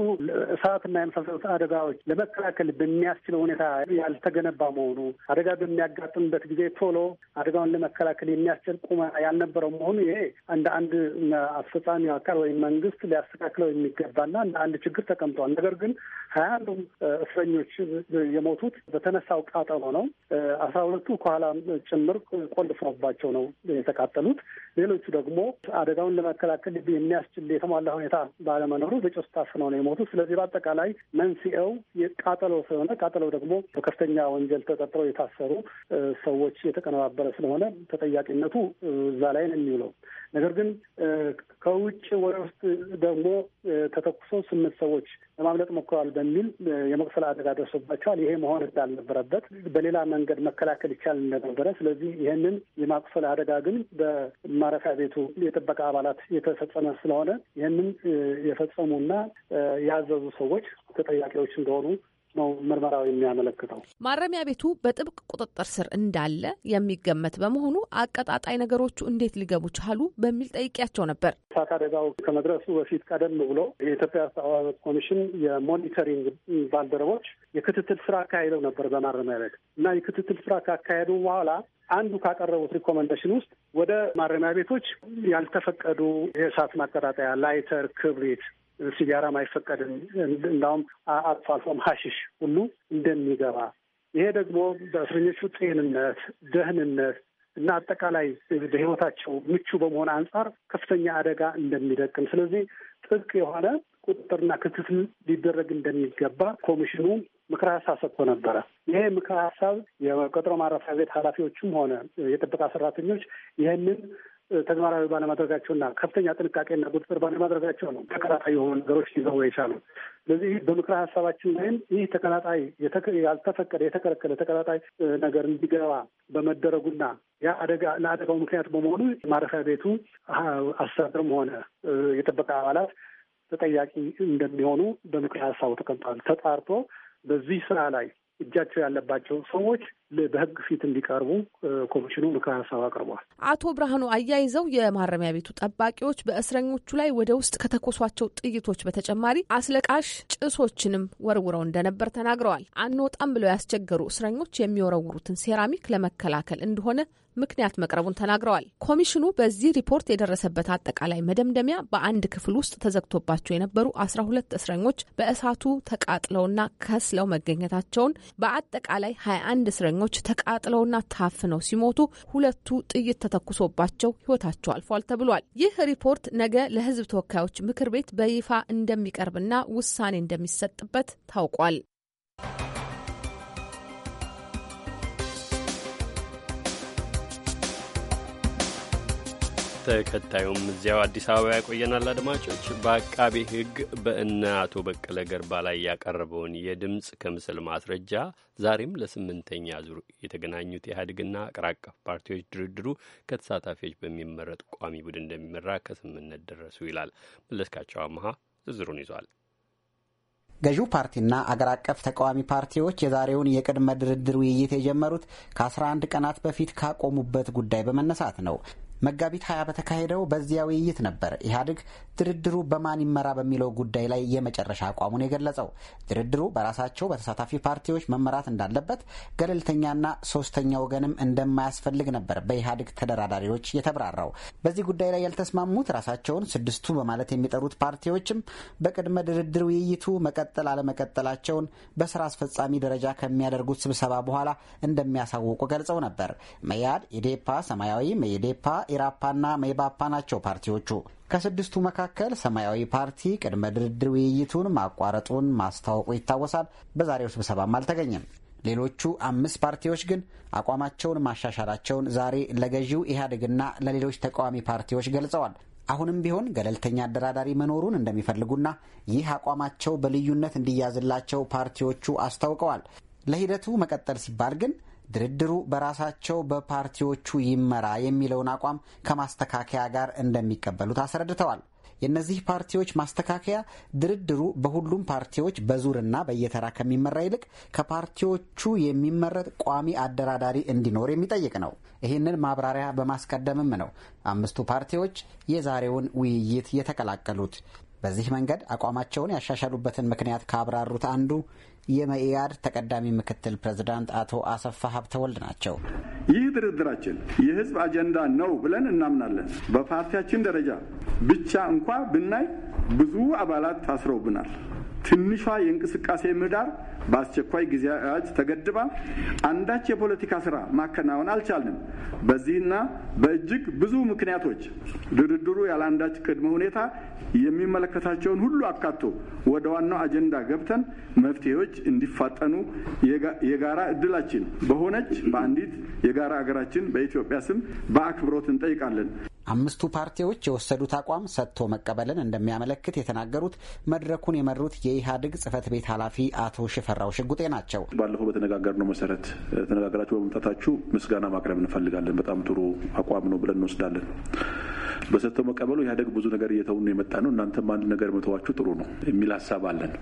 [SPEAKER 3] እሳትና የመሳሰሉት አደጋዎች ለመከላከል በሚያስችል ሁኔታ ያልተገነባ መሆኑ አደጋ በሚያጋጥምበት ጊዜ ቶሎ አደጋውን ለመከላከል የሚያስችል ቁመና ያልነበረው መሆኑ ይሄ እንደ አንድ አስፈጻሚ አካል ወይም መንግስት ሊያስተካክለው የሚገባና እንደ አንድ ችግር ተቀምጧል። ነገር ግን ሀያ አንዱም እስረኞች የሞቱት በተነሳው ቃጠሎ ነው። አስራ ሁለቱ ከኋላ ጭምር ቆልፎባቸው ነው የተቃጠሉት። ሌሎቹ ደግሞ አደጋውን ለመከላከል የሚያስችል የተሟላ ሁኔታ ባለመኖሩ በጭስ ታፍነው ነው የሞቱ። ስለዚህ በአጠቃላይ መንስኤው ቃጠሎ ስለሆነ ቃጠሎ ደግሞ በከፍተኛ ወንጀል ተጠርጥረው የታሰሩ ሰዎች የተቀነባበረ ስለሆነ ተጠያቂነቱ እዛ ላይ ነው የሚውለው። ነገር ግን ከውጭ ወደ ውስጥ ደግሞ ተተኩሶ ስምንት ሰዎች ለማምለጥ ሞክረዋል በሚል የመቁሰል አደጋ ደርሶባቸዋል። ይሄ መሆን እንዳልነበረበት በሌላ መንገድ መከላከል ይቻል እንደነበረ፣ ስለዚህ ይህንን የማቁሰል አደጋ ግን በማረፊያ ቤቱ የጥበቃ አባላት የተፈጸመ ስለሆነ ይህንን የፈጸሙና ያዘዙ ሰዎች ተጠያቂዎች እንደሆኑ ነው ምርመራው የሚያመለክተው።
[SPEAKER 9] ማረሚያ ቤቱ በጥብቅ ቁጥጥር ስር እንዳለ የሚገመት በመሆኑ አቀጣጣይ ነገሮቹ እንዴት ሊገቡ ቻሉ በሚል ጠይቄያቸው ነበር።
[SPEAKER 3] እሳት አደጋው ከመድረሱ በፊት ቀደም ብሎ የኢትዮጵያ አስተባባሪ ኮሚሽን የሞኒተሪንግ ባልደረቦች የክትትል ስራ አካሄደው ነበር በማረሚያ ቤት እና የክትትል ስራ ካካሄዱ በኋላ አንዱ ካቀረቡት ሪኮመንዴሽን ውስጥ ወደ ማረሚያ ቤቶች ያልተፈቀዱ የእሳት ማቀጣጠያ ላይተር፣ ክብሪት ሲጋራም አይፈቀድም። እንዳውም አልፎ አልፎም ሀሽሽ ሁሉ እንደሚገባ ይሄ ደግሞ በእስረኞቹ ጤንነት፣ ደህንነት እና አጠቃላይ በህይወታቸው ምቹ በመሆን አንጻር ከፍተኛ አደጋ እንደሚደቅም ስለዚህ ጥብቅ የሆነ ቁጥጥርና ክትትል ሊደረግ እንደሚገባ ኮሚሽኑ ምክረ ሀሳብ ሰጥቶ ነበረ። ይሄ ምክረ ሀሳብ የቀጠሮ ማረፊያ ቤት ኃላፊዎችም ሆነ የጥበቃ ሰራተኞች ይህንን ተግባራዊ ባለማድረጋቸውና ከፍተኛ ጥንቃቄና ቁጥጥር ባለማድረጋቸው ነው ተቀላጣይ የሆኑ ነገሮች ሊዘው የቻሉ። ስለዚህ በምክረ ሀሳባችን ላይም ይህ ተቀላጣይ ያልተፈቀደ የተከለከለ ተቀራጣይ ነገር እንዲገባ በመደረጉና ያ አደጋ ለአደጋው ምክንያት በመሆኑ ማረፊያ ቤቱ አስተዳደርም ሆነ የጥበቃ አባላት ተጠያቂ እንደሚሆኑ በምክረ ሀሳቡ ተቀምጧል። ተጣርቶ በዚህ ስራ ላይ እጃቸው ያለባቸውን ሰዎች በህግ ፊት እንዲቀርቡ ኮሚሽኑ ምክረ ሀሳብ አቅርቧል።
[SPEAKER 9] አቶ ብርሃኑ አያይዘው የማረሚያ ቤቱ ጠባቂዎች በእስረኞቹ ላይ ወደ ውስጥ ከተኮሷቸው ጥይቶች በተጨማሪ አስለቃሽ ጭሶችንም ወርውረው እንደነበር ተናግረዋል። አንወጣም ብለው ያስቸገሩ እስረኞች የሚወረውሩትን ሴራሚክ ለመከላከል እንደሆነ ምክንያት መቅረቡን ተናግረዋል። ኮሚሽኑ በዚህ ሪፖርት የደረሰበት አጠቃላይ መደምደሚያ በአንድ ክፍል ውስጥ ተዘግቶባቸው የነበሩ አስራ ሁለት እስረኞች በእሳቱ ተቃጥለውና ከስለው መገኘታቸውን፣ በአጠቃላይ ሀያ አንድ እስረኞች ተቃጥለውና ታፍነው ሲሞቱ ሁለቱ ጥይት ተተኩሶባቸው ህይወታቸው አልፏል ተብሏል። ይህ ሪፖርት ነገ ለህዝብ ተወካዮች ምክር ቤት በይፋ እንደሚቀርብና ውሳኔ እንደሚሰጥበት ታውቋል።
[SPEAKER 2] ተከታዩም እዚያው አዲስ አበባ ያቆየናል። አድማጮች በአቃቤ ሕግ በእነ አቶ በቀለ ገርባ ላይ ያቀረበውን የድምፅ ከምስል ማስረጃ ዛሬም ለስምንተኛ ዙር የተገናኙት ኢህአዴግና አገር አቀፍ ፓርቲዎች ድርድሩ ከተሳታፊዎች በሚመረጥ ቋሚ ቡድን እንደሚመራ ከስምምነት ደረሱ ይላል። መለስካቸው አመሃ ዝርዝሩን ይዟል።
[SPEAKER 1] ገዢው ፓርቲና አገር አቀፍ ተቃዋሚ ፓርቲዎች የዛሬውን የቅድመ ድርድር ውይይት የጀመሩት ከ11 ቀናት በፊት ካቆሙበት ጉዳይ በመነሳት ነው። መጋቢት ሀያ በተካሄደው በዚያ ውይይት ነበር ኢህአዴግ ድርድሩ በማን ይመራ በሚለው ጉዳይ ላይ የመጨረሻ አቋሙን የገለጸው ድርድሩ በራሳቸው በተሳታፊ ፓርቲዎች መመራት እንዳለበት፣ ገለልተኛና ሶስተኛ ወገንም እንደማያስፈልግ ነበር በኢህአዴግ ተደራዳሪዎች የተብራራው። በዚህ ጉዳይ ላይ ያልተስማሙት ራሳቸውን ስድስቱ በማለት የሚጠሩት ፓርቲዎችም በቅድመ ድርድር ውይይቱ መቀጠል አለመቀጠላቸውን በስራ አስፈጻሚ ደረጃ ከሚያደርጉት ስብሰባ በኋላ እንደሚያሳውቁ ገልጸው ነበር። መያድ፣ ኢዴፓ፣ ሰማያዊ፣ መኢዴፓ፣ ኢራፓና መይባፓ ናቸው ፓርቲዎቹ። ከስድስቱ መካከል ሰማያዊ ፓርቲ ቅድመ ድርድር ውይይቱን ማቋረጡን ማስታወቁ ይታወሳል። በዛሬው ስብሰባም አልተገኘም። ሌሎቹ አምስት ፓርቲዎች ግን አቋማቸውን ማሻሻላቸውን ዛሬ ለገዢው ኢህአዴግና ለሌሎች ተቃዋሚ ፓርቲዎች ገልጸዋል። አሁንም ቢሆን ገለልተኛ አደራዳሪ መኖሩን እንደሚፈልጉና ይህ አቋማቸው በልዩነት እንዲያዝላቸው ፓርቲዎቹ አስታውቀዋል። ለሂደቱ መቀጠል ሲባል ግን ድርድሩ በራሳቸው በፓርቲዎቹ ይመራ የሚለውን አቋም ከማስተካከያ ጋር እንደሚቀበሉት አስረድተዋል። የእነዚህ ፓርቲዎች ማስተካከያ ድርድሩ በሁሉም ፓርቲዎች በዙርና በየተራ ከሚመራ ይልቅ ከፓርቲዎቹ የሚመረጥ ቋሚ አደራዳሪ እንዲኖር የሚጠይቅ ነው። ይህንን ማብራሪያ በማስቀደምም ነው አምስቱ ፓርቲዎች የዛሬውን ውይይት የተቀላቀሉት። በዚህ መንገድ አቋማቸውን ያሻሻሉበትን ምክንያት ካብራሩት አንዱ የመኢአድ ተቀዳሚ ምክትል ፕሬዝዳንት አቶ አሰፋ ሀብተወልድ ናቸው።
[SPEAKER 10] ይህ ድርድራችን የህዝብ አጀንዳ ነው ብለን እናምናለን። በፓርቲያችን ደረጃ ብቻ እንኳ ብናይ ብዙ አባላት ታስረውብናል። ትንሿ የእንቅስቃሴ ምህዳር በአስቸኳይ ጊዜ ተገድባ አንዳች የፖለቲካ ስራ ማከናወን አልቻልንም። በዚህና በእጅግ ብዙ ምክንያቶች ድርድሩ ያለአንዳች ቅድመ ሁኔታ የሚመለከታቸውን ሁሉ አካቶ ወደ ዋናው አጀንዳ ገብተን መፍትሄዎች እንዲፋጠኑ የጋራ እድላችን በሆነች በአንዲት የጋራ ሀገራችን በኢትዮጵያ ስም በአክብሮት እንጠይቃለን።
[SPEAKER 1] አምስቱ ፓርቲዎች የወሰዱት አቋም ሰጥቶ መቀበልን እንደሚያመለክት የተናገሩት መድረኩን የመሩት የኢህአዴግ ጽህፈት ቤት ኃላፊ አቶ ሽፈራው ሽጉጤ ናቸው። ባለፈው በተነጋገርነው መሰረት
[SPEAKER 8] ተነጋገራችሁ በመምጣታችሁ ምስጋና ማቅረብ እንፈልጋለን። በጣም ጥሩ አቋም ነው ብለን እንወስዳለን። በሰጥቶ መቀበሉ ኢህአዴግ ብዙ ነገር እየተውን ነው የመጣ ነው። እናንተም አንድ ነገር መተዋችሁ ጥሩ ነው የሚል ሀሳብ አለን።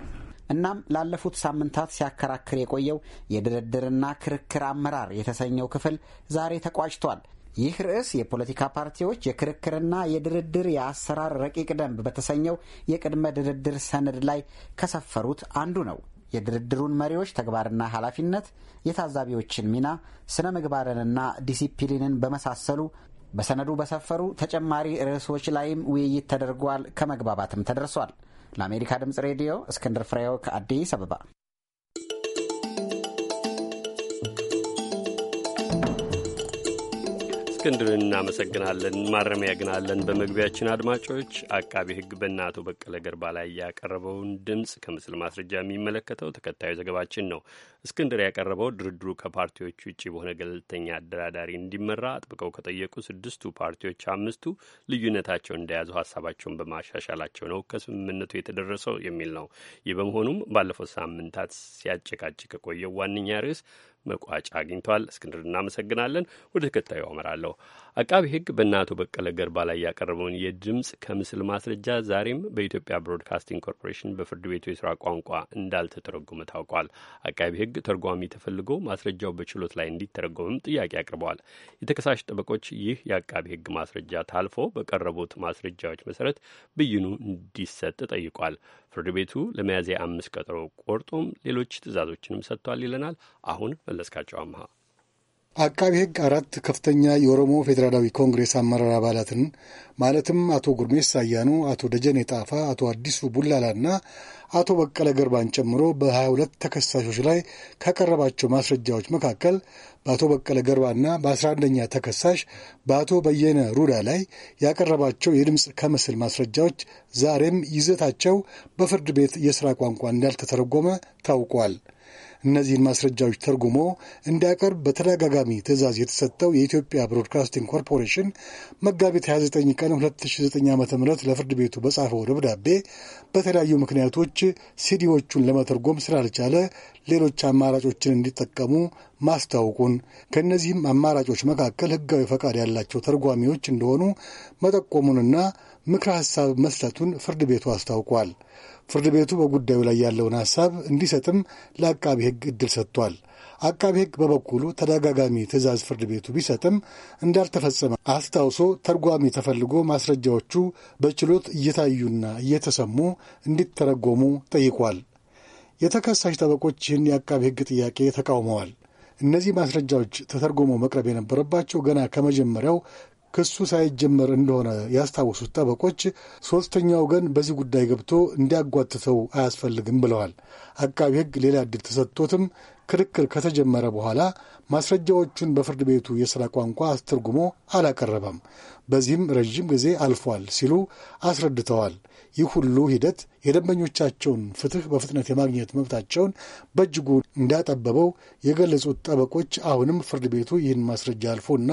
[SPEAKER 1] እናም ላለፉት ሳምንታት ሲያከራክር የቆየው የድርድርና ክርክር አመራር የተሰኘው ክፍል ዛሬ ተቋጭቷል። ይህ ርዕስ የፖለቲካ ፓርቲዎች የክርክርና የድርድር የአሰራር ረቂቅ ደንብ በተሰኘው የቅድመ ድርድር ሰነድ ላይ ከሰፈሩት አንዱ ነው። የድርድሩን መሪዎች ተግባርና ኃላፊነት፣ የታዛቢዎችን ሚና፣ ስነ ምግባርንና ዲሲፕሊንን በመሳሰሉ በሰነዱ በሰፈሩ ተጨማሪ ርዕሶች ላይም ውይይት ተደርጓል። ከመግባባትም ተደርሷል። ለአሜሪካ ድምፅ ሬዲዮ እስክንድር ፍሬው ከአዲስ አበባ
[SPEAKER 2] እስክንድርን እናመሰግናለን። ማረሚያ ግን በመግቢያችን አድማጮች አቃቢ ሕግ በእነ አቶ በቀለ ገርባ ላይ ያቀረበውን ድምፅ ከምስል ማስረጃ የሚመለከተው ተከታዩ ዘገባችን ነው። እስክንድር ያቀረበው ድርድሩ ከፓርቲዎች ውጭ በሆነ ገለልተኛ አደራዳሪ እንዲመራ አጥብቀው ከጠየቁ ስድስቱ ፓርቲዎች አምስቱ ልዩነታቸውን እንደያዙ ሀሳባቸውን በማሻሻላቸው ነው ከስምምነቱ የተደረሰው የሚል ነው። ይህ በመሆኑም ባለፈው ሳምንታት ሲያጨቃጭቅ የቆየው ዋነኛ ርዕስ መቋጫ አግኝቷል። እስክንድር እናመሰግናለን። ወደ ተከታዩ አመራለሁ። አቃቢ ሕግ በእነ አቶ በቀለ ገርባ ላይ ያቀረበውን የድምፅ ከምስል ማስረጃ ዛሬም በኢትዮጵያ ብሮድካስቲንግ ኮርፖሬሽን በፍርድ ቤቱ የስራ ቋንቋ እንዳልተተረጎመ ታውቋል። አቃቢ ሕግ ተርጓሚ ተፈልጎ ማስረጃው በችሎት ላይ እንዲተረጎምም ጥያቄ አቅርበዋል። የተከሳሽ ጠበቆች ይህ የአቃቢ ሕግ ማስረጃ ታልፎ በቀረቡት ማስረጃዎች መሰረት ብይኑ እንዲሰጥ ጠይቋል። ፍርድ ቤቱ ለሚያዝያ አምስት ቀጠሮ ቆርጦም ሌሎች ትእዛዞችንም ሰጥቷል ይለናል። አሁን መለስካቸው አምሃ
[SPEAKER 10] አቃቢ ሕግ አራት ከፍተኛ የኦሮሞ ፌዴራላዊ ኮንግሬስ አመራር አባላትን ማለትም አቶ ጉርሜሳ አያኑ፣ አቶ ደጀኔ ጣፋ፣ አቶ አዲሱ ቡላላና አቶ በቀለ ገርባን ጨምሮ በ22 ተከሳሾች ላይ ካቀረባቸው ማስረጃዎች መካከል በአቶ በቀለ ገርባና 11 ኛ ተከሳሽ በአቶ በየነ ሩዳ ላይ ያቀረባቸው የድምፅ ከምስል ማስረጃዎች ዛሬም ይዘታቸው በፍርድ ቤት የሥራ ቋንቋ እንዳልተተረጎመ ታውቋል። እነዚህን ማስረጃዎች ተርጉሞ እንዲያቀርብ በተደጋጋሚ ትዕዛዝ የተሰጠው የኢትዮጵያ ብሮድካስቲንግ ኮርፖሬሽን መጋቢት 29 ቀን 2009 ዓ ም ለፍርድ ቤቱ በጻፈው ደብዳቤ በተለያዩ ምክንያቶች ሲዲዎቹን ለመተርጎም ስላልቻለ ሌሎች አማራጮችን እንዲጠቀሙ ማስታወቁን ከእነዚህም አማራጮች መካከል ሕጋዊ ፈቃድ ያላቸው ተርጓሚዎች እንደሆኑ መጠቆሙንና ምክረ ሐሳብ መስጠቱን ፍርድ ቤቱ አስታውቋል። ፍርድ ቤቱ በጉዳዩ ላይ ያለውን ሐሳብ እንዲሰጥም ለአቃቢ ሕግ እድል ሰጥቷል። አቃቢ ሕግ በበኩሉ ተደጋጋሚ ትዕዛዝ ፍርድ ቤቱ ቢሰጥም እንዳልተፈጸመ አስታውሶ ተርጓሚ ተፈልጎ ማስረጃዎቹ በችሎት እየታዩና እየተሰሙ እንዲተረጎሙ ጠይቋል። የተከሳሽ ጠበቆች ይህን የአቃቢ ሕግ ጥያቄ ተቃውመዋል። እነዚህ ማስረጃዎች ተተርጎመው መቅረብ የነበረባቸው ገና ከመጀመሪያው ክሱ ሳይጀመር እንደሆነ ያስታወሱት ጠበቆች ሦስተኛ ወገን በዚህ ጉዳይ ገብቶ እንዲያጓትተው አያስፈልግም ብለዋል። አቃቢ ሕግ ሌላ ዕድል ተሰጥቶትም ክርክር ከተጀመረ በኋላ ማስረጃዎቹን በፍርድ ቤቱ የሥራ ቋንቋ አስተርጉሞ አላቀረበም። በዚህም ረዥም ጊዜ አልፏል ሲሉ አስረድተዋል። ይህ ሁሉ ሂደት የደንበኞቻቸውን ፍትህ በፍጥነት የማግኘት መብታቸውን በእጅጉ እንዳጠበበው የገለጹት ጠበቆች አሁንም ፍርድ ቤቱ ይህን ማስረጃ አልፎና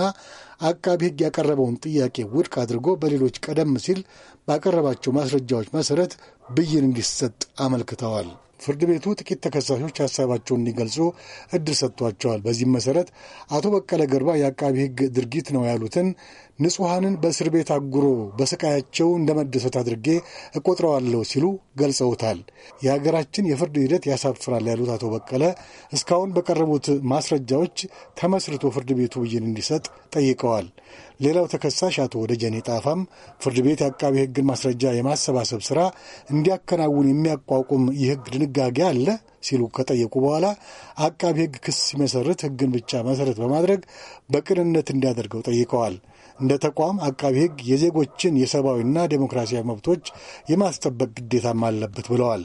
[SPEAKER 10] አቃቢ ሕግ ያቀረበውን ጥያቄ ውድቅ አድርጎ በሌሎች ቀደም ሲል ባቀረባቸው ማስረጃዎች መሰረት ብይን እንዲሰጥ አመልክተዋል። ፍርድ ቤቱ ጥቂት ተከሳሾች ሀሳባቸውን እንዲገልጹ እድል ሰጥቷቸዋል። በዚህም መሰረት አቶ በቀለ ገርባ የአቃቢ ሕግ ድርጊት ነው ያሉትን ንጹሐንን በእስር ቤት አጉሮ በስቃያቸው እንደ መደሰት አድርጌ እቆጥረዋለሁ ሲሉ ገልጸውታል። የሀገራችን የፍርድ ሂደት ያሳፍራል ያሉት አቶ በቀለ እስካሁን በቀረቡት ማስረጃዎች ተመስርቶ ፍርድ ቤቱ ብይን እንዲሰጥ ጠይቀዋል። ሌላው ተከሳሽ አቶ ጀኔ ጣፋም ፍርድ ቤት የአቃቢ ሕግን ማስረጃ የማሰባሰብ ስራ እንዲያከናውን የሚያቋቁም የሕግ ድንጋጌ አለ ሲሉ ከጠየቁ በኋላ አቃቢ ሕግ ክስ ሲመሰርት ሕግን ብቻ መሰረት በማድረግ በቅንነት እንዲያደርገው ጠይቀዋል። እንደ ተቋም አቃቢ ሕግ የዜጎችን የሰብአዊና ዴሞክራሲያዊ መብቶች የማስጠበቅ ግዴታም አለበት ብለዋል።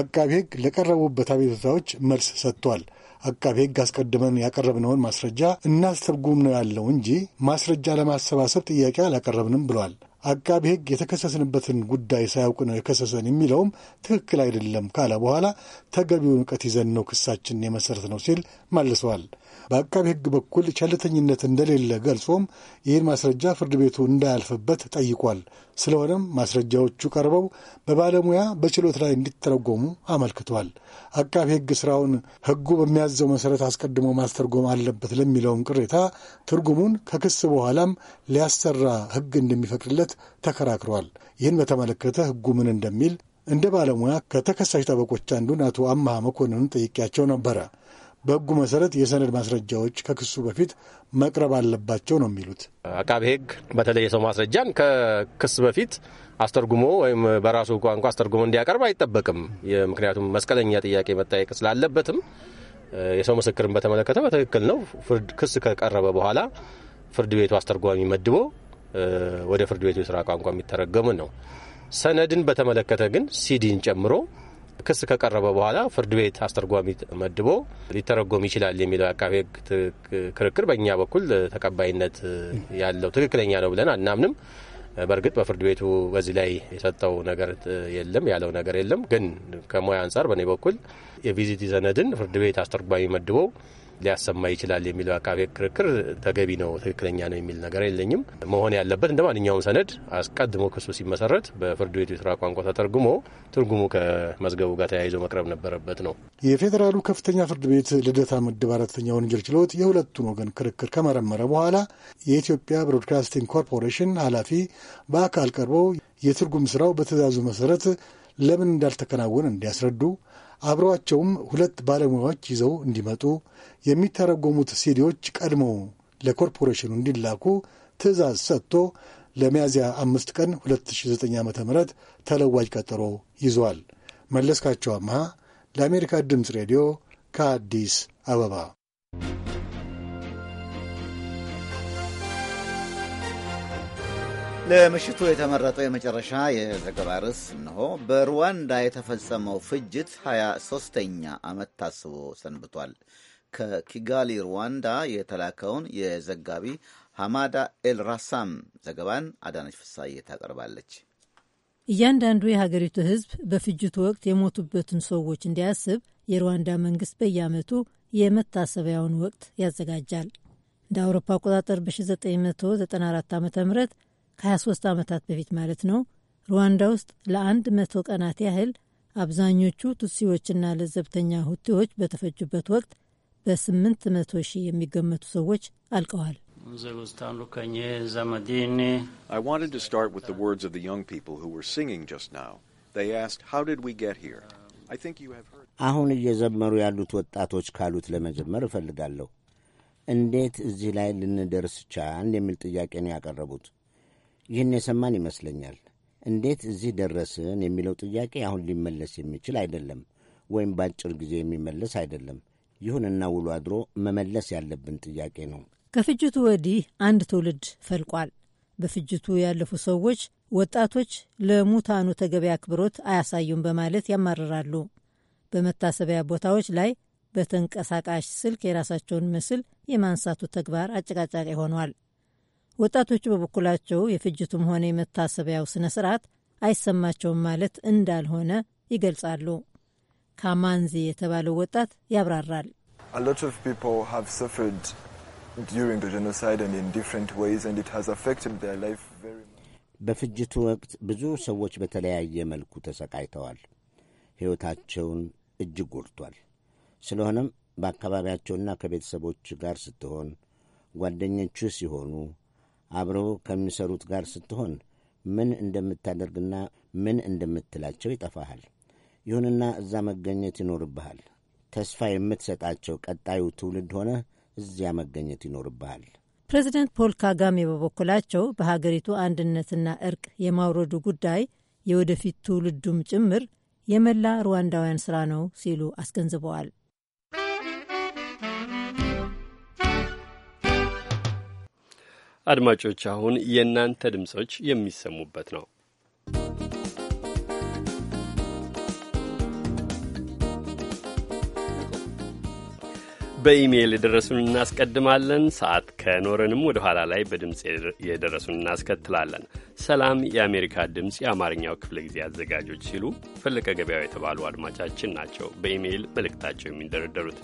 [SPEAKER 10] አቃቢ ሕግ ለቀረቡበት አቤቱታዎች መልስ ሰጥቷል። አቃቢ ሕግ አስቀድመን ያቀረብነውን ማስረጃ እናስተርጉም ነው ያለው እንጂ ማስረጃ ለማሰባሰብ ጥያቄ አላቀረብንም ብሏል። አቃቢ ሕግ የተከሰስንበትን ጉዳይ ሳያውቅ ነው የከሰሰን የሚለውም ትክክል አይደለም ካለ በኋላ ተገቢውን እውቀት ይዘን ነው ክሳችን የመሰረት ነው ሲል መልሰዋል። በአቃቢ ሕግ በኩል ቸልተኝነት እንደሌለ ገልጾም ይህን ማስረጃ ፍርድ ቤቱ እንዳያልፍበት ጠይቋል። ስለሆነም ማስረጃዎቹ ቀርበው በባለሙያ በችሎት ላይ እንዲተረጎሙ አመልክቷል። አቃቢ ሕግ ስራውን ሕጉ በሚያዘው መሠረት አስቀድሞ ማስተርጎም አለበት ለሚለውም ቅሬታ ትርጉሙን ከክስ በኋላም ሊያሰራ ሕግ እንደሚፈቅድለት ተከራክሯል። ይህን በተመለከተ ሕጉ ምን እንደሚል እንደ ባለሙያ ከተከሳሽ ጠበቆች አንዱን አቶ አምሃ መኮንንን ጠይቄያቸው ነበረ። በሕጉ መሰረት የሰነድ ማስረጃዎች ከክሱ በፊት መቅረብ አለባቸው ነው የሚሉት
[SPEAKER 11] አቃቤ ሕግ በተለይ የሰው ማስረጃን ከክስ በፊት አስተርጉሞ ወይም በራሱ ቋንቋ አስተርጉሞ እንዲያቀርብ አይጠበቅም። ምክንያቱም መስቀለኛ ጥያቄ መጠየቅ ስላለበትም የሰው ምስክርን በተመለከተ በትክክል ነው። ፍርድ ክስ ከቀረበ በኋላ ፍርድ ቤቱ አስተርጓሚ መድቦ ወደ ፍርድ ቤቱ የስራ ቋንቋ የሚተረገሙ ነው። ሰነድን በተመለከተ ግን ሲዲን ጨምሮ ክስ ከቀረበ በኋላ ፍርድ ቤት አስተርጓሚ መድቦ ሊተረጎም ይችላል የሚለው የአቃቤ ሕግ ክርክር በእኛ በኩል ተቀባይነት ያለው ትክክለኛ ነው ብለን አናምንም። በእርግጥ በፍርድ ቤቱ በዚህ ላይ የሰጠው ነገር የለም ያለው ነገር የለም። ግን ከሙያ አንጻር በእኔ በኩል የቪዚት ሰነድን ፍርድ ቤት አስተርጓሚ መድቦ ሊያሰማ ይችላል የሚለው አቃቤ ክርክር ተገቢ ነው፣ ትክክለኛ ነው የሚል ነገር የለኝም። መሆን ያለበት እንደ ማንኛውም ሰነድ አስቀድሞ ክሱ ሲመሰረት በፍርድ ቤቱ የስራ ቋንቋ ተተርጉሞ ትርጉሙ ከመዝገቡ ጋር ተያይዞ መቅረብ ነበረበት ነው።
[SPEAKER 10] የፌዴራሉ ከፍተኛ ፍርድ ቤት ልደታ ምድብ አራተኛ ወንጀል ችሎት የሁለቱን ወገን ክርክር ከመረመረ በኋላ የኢትዮጵያ ብሮድካስቲንግ ኮርፖሬሽን ኃላፊ በአካል ቀርቦ የትርጉም ስራው በትእዛዙ መሰረት ለምን እንዳልተከናወነ እንዲያስረዱ አብረዋቸውም ሁለት ባለሙያዎች ይዘው እንዲመጡ የሚተረጎሙት ሲዲዎች ቀድመው ለኮርፖሬሽኑ እንዲላኩ ትዕዛዝ ሰጥቶ ለሚያዝያ አምስት ቀን 2009 ዓ ም ተለዋጅ ቀጠሮ ይዟል። መለስካቸው አምሃ ለአሜሪካ ድምፅ ሬዲዮ ከአዲስ አበባ
[SPEAKER 4] ለምሽቱ የተመረጠው የመጨረሻ የዘገባ ርዕስ እንሆ። በሩዋንዳ የተፈጸመው ፍጅት 23ኛ ዓመት ታስቦ ሰንብቷል። ከኪጋሊ ሩዋንዳ የተላከውን የዘጋቢ ሐማዳ ኤልራሳም ዘገባን አዳነች ፍሳዬ ታቀርባለች።
[SPEAKER 7] እያንዳንዱ የሀገሪቱ ሕዝብ በፍጅቱ ወቅት የሞቱበትን ሰዎች እንዲያስብ የሩዋንዳ መንግስት በየዓመቱ የመታሰቢያውን ወቅት ያዘጋጃል። እንደ አውሮፓ አቆጣጠር በ1994 ዓ ም ከ23 ዓመታት በፊት ማለት ነው ሩዋንዳ ውስጥ ለአንድ መቶ ቀናት ያህል አብዛኞቹ ቱሲዎችና ለዘብተኛ ሁቲዎች በተፈጁበት ወቅት በ መቶ ሺህ የሚገመቱ ሰዎች አልቀዋል።
[SPEAKER 6] አሁን እየዘመሩ ያሉት ወጣቶች ካሉት ለመጀመር እፈልጋለሁ። እንዴት እዚህ ላይ ልንደርስ ቻን የሚል ጥያቄ ነው ያቀረቡት። ይህን የሰማን ይመስለኛል። እንዴት እዚህ ደረስን የሚለው ጥያቄ አሁን ሊመለስ የሚችል አይደለም፣ ወይም በአጭር ጊዜ የሚመለስ አይደለም። ይሁንና ውሎ አድሮ መመለስ ያለብን ጥያቄ ነው።
[SPEAKER 7] ከፍጅቱ ወዲህ አንድ ትውልድ ፈልቋል። በፍጅቱ ያለፉ ሰዎች ወጣቶች ለሙታኑ ተገቢ አክብሮት አያሳዩም በማለት ያማርራሉ። በመታሰቢያ ቦታዎች ላይ በተንቀሳቃሽ ስልክ የራሳቸውን ምስል የማንሳቱ ተግባር አጨቃጫቂ ሆኗል። ወጣቶቹ በበኩላቸው የፍጅቱም ሆነ የመታሰቢያው ስነ ስርዓት አይሰማቸውም ማለት እንዳልሆነ ይገልጻሉ። ካማንዚ የተባለው ወጣት ያብራራል።
[SPEAKER 6] በፍጅቱ ወቅት ብዙ ሰዎች በተለያየ መልኩ ተሰቃይተዋል። ሕይወታቸውን እጅግ ጎድቷል። ስለሆነም በአካባቢያቸውና ከቤተሰቦች ጋር ስትሆን ጓደኞቹ ሲሆኑ አብረው ከሚሰሩት ጋር ስትሆን ምን እንደምታደርግና ምን እንደምትላቸው ይጠፋሃል። ይሁንና እዛ መገኘት ይኖርብሃል። ተስፋ የምትሰጣቸው ቀጣዩ ትውልድ ሆነ እዚያ መገኘት ይኖርብሃል።
[SPEAKER 7] ፕሬዚደንት ፖል ካጋሜ በበኩላቸው በሀገሪቱ አንድነትና እርቅ የማውረዱ ጉዳይ የወደፊት ትውልዱም ጭምር የመላ ሩዋንዳውያን ስራ ነው ሲሉ አስገንዝበዋል።
[SPEAKER 2] አድማጮች አሁን የእናንተ ድምጾች የሚሰሙበት ነው። በኢሜይል የደረሱን እናስቀድማለን። ሰዓት ከኖረንም ወደ ኋላ ላይ በድምፅ የደረሱን እናስከትላለን። ሰላም የአሜሪካ ድምፅ የአማርኛው ክፍለ ጊዜ አዘጋጆች ሲሉ ፈለቀ ገበያው የተባሉ አድማጫችን ናቸው በኢሜይል መልእክታቸው የሚንደረደሩት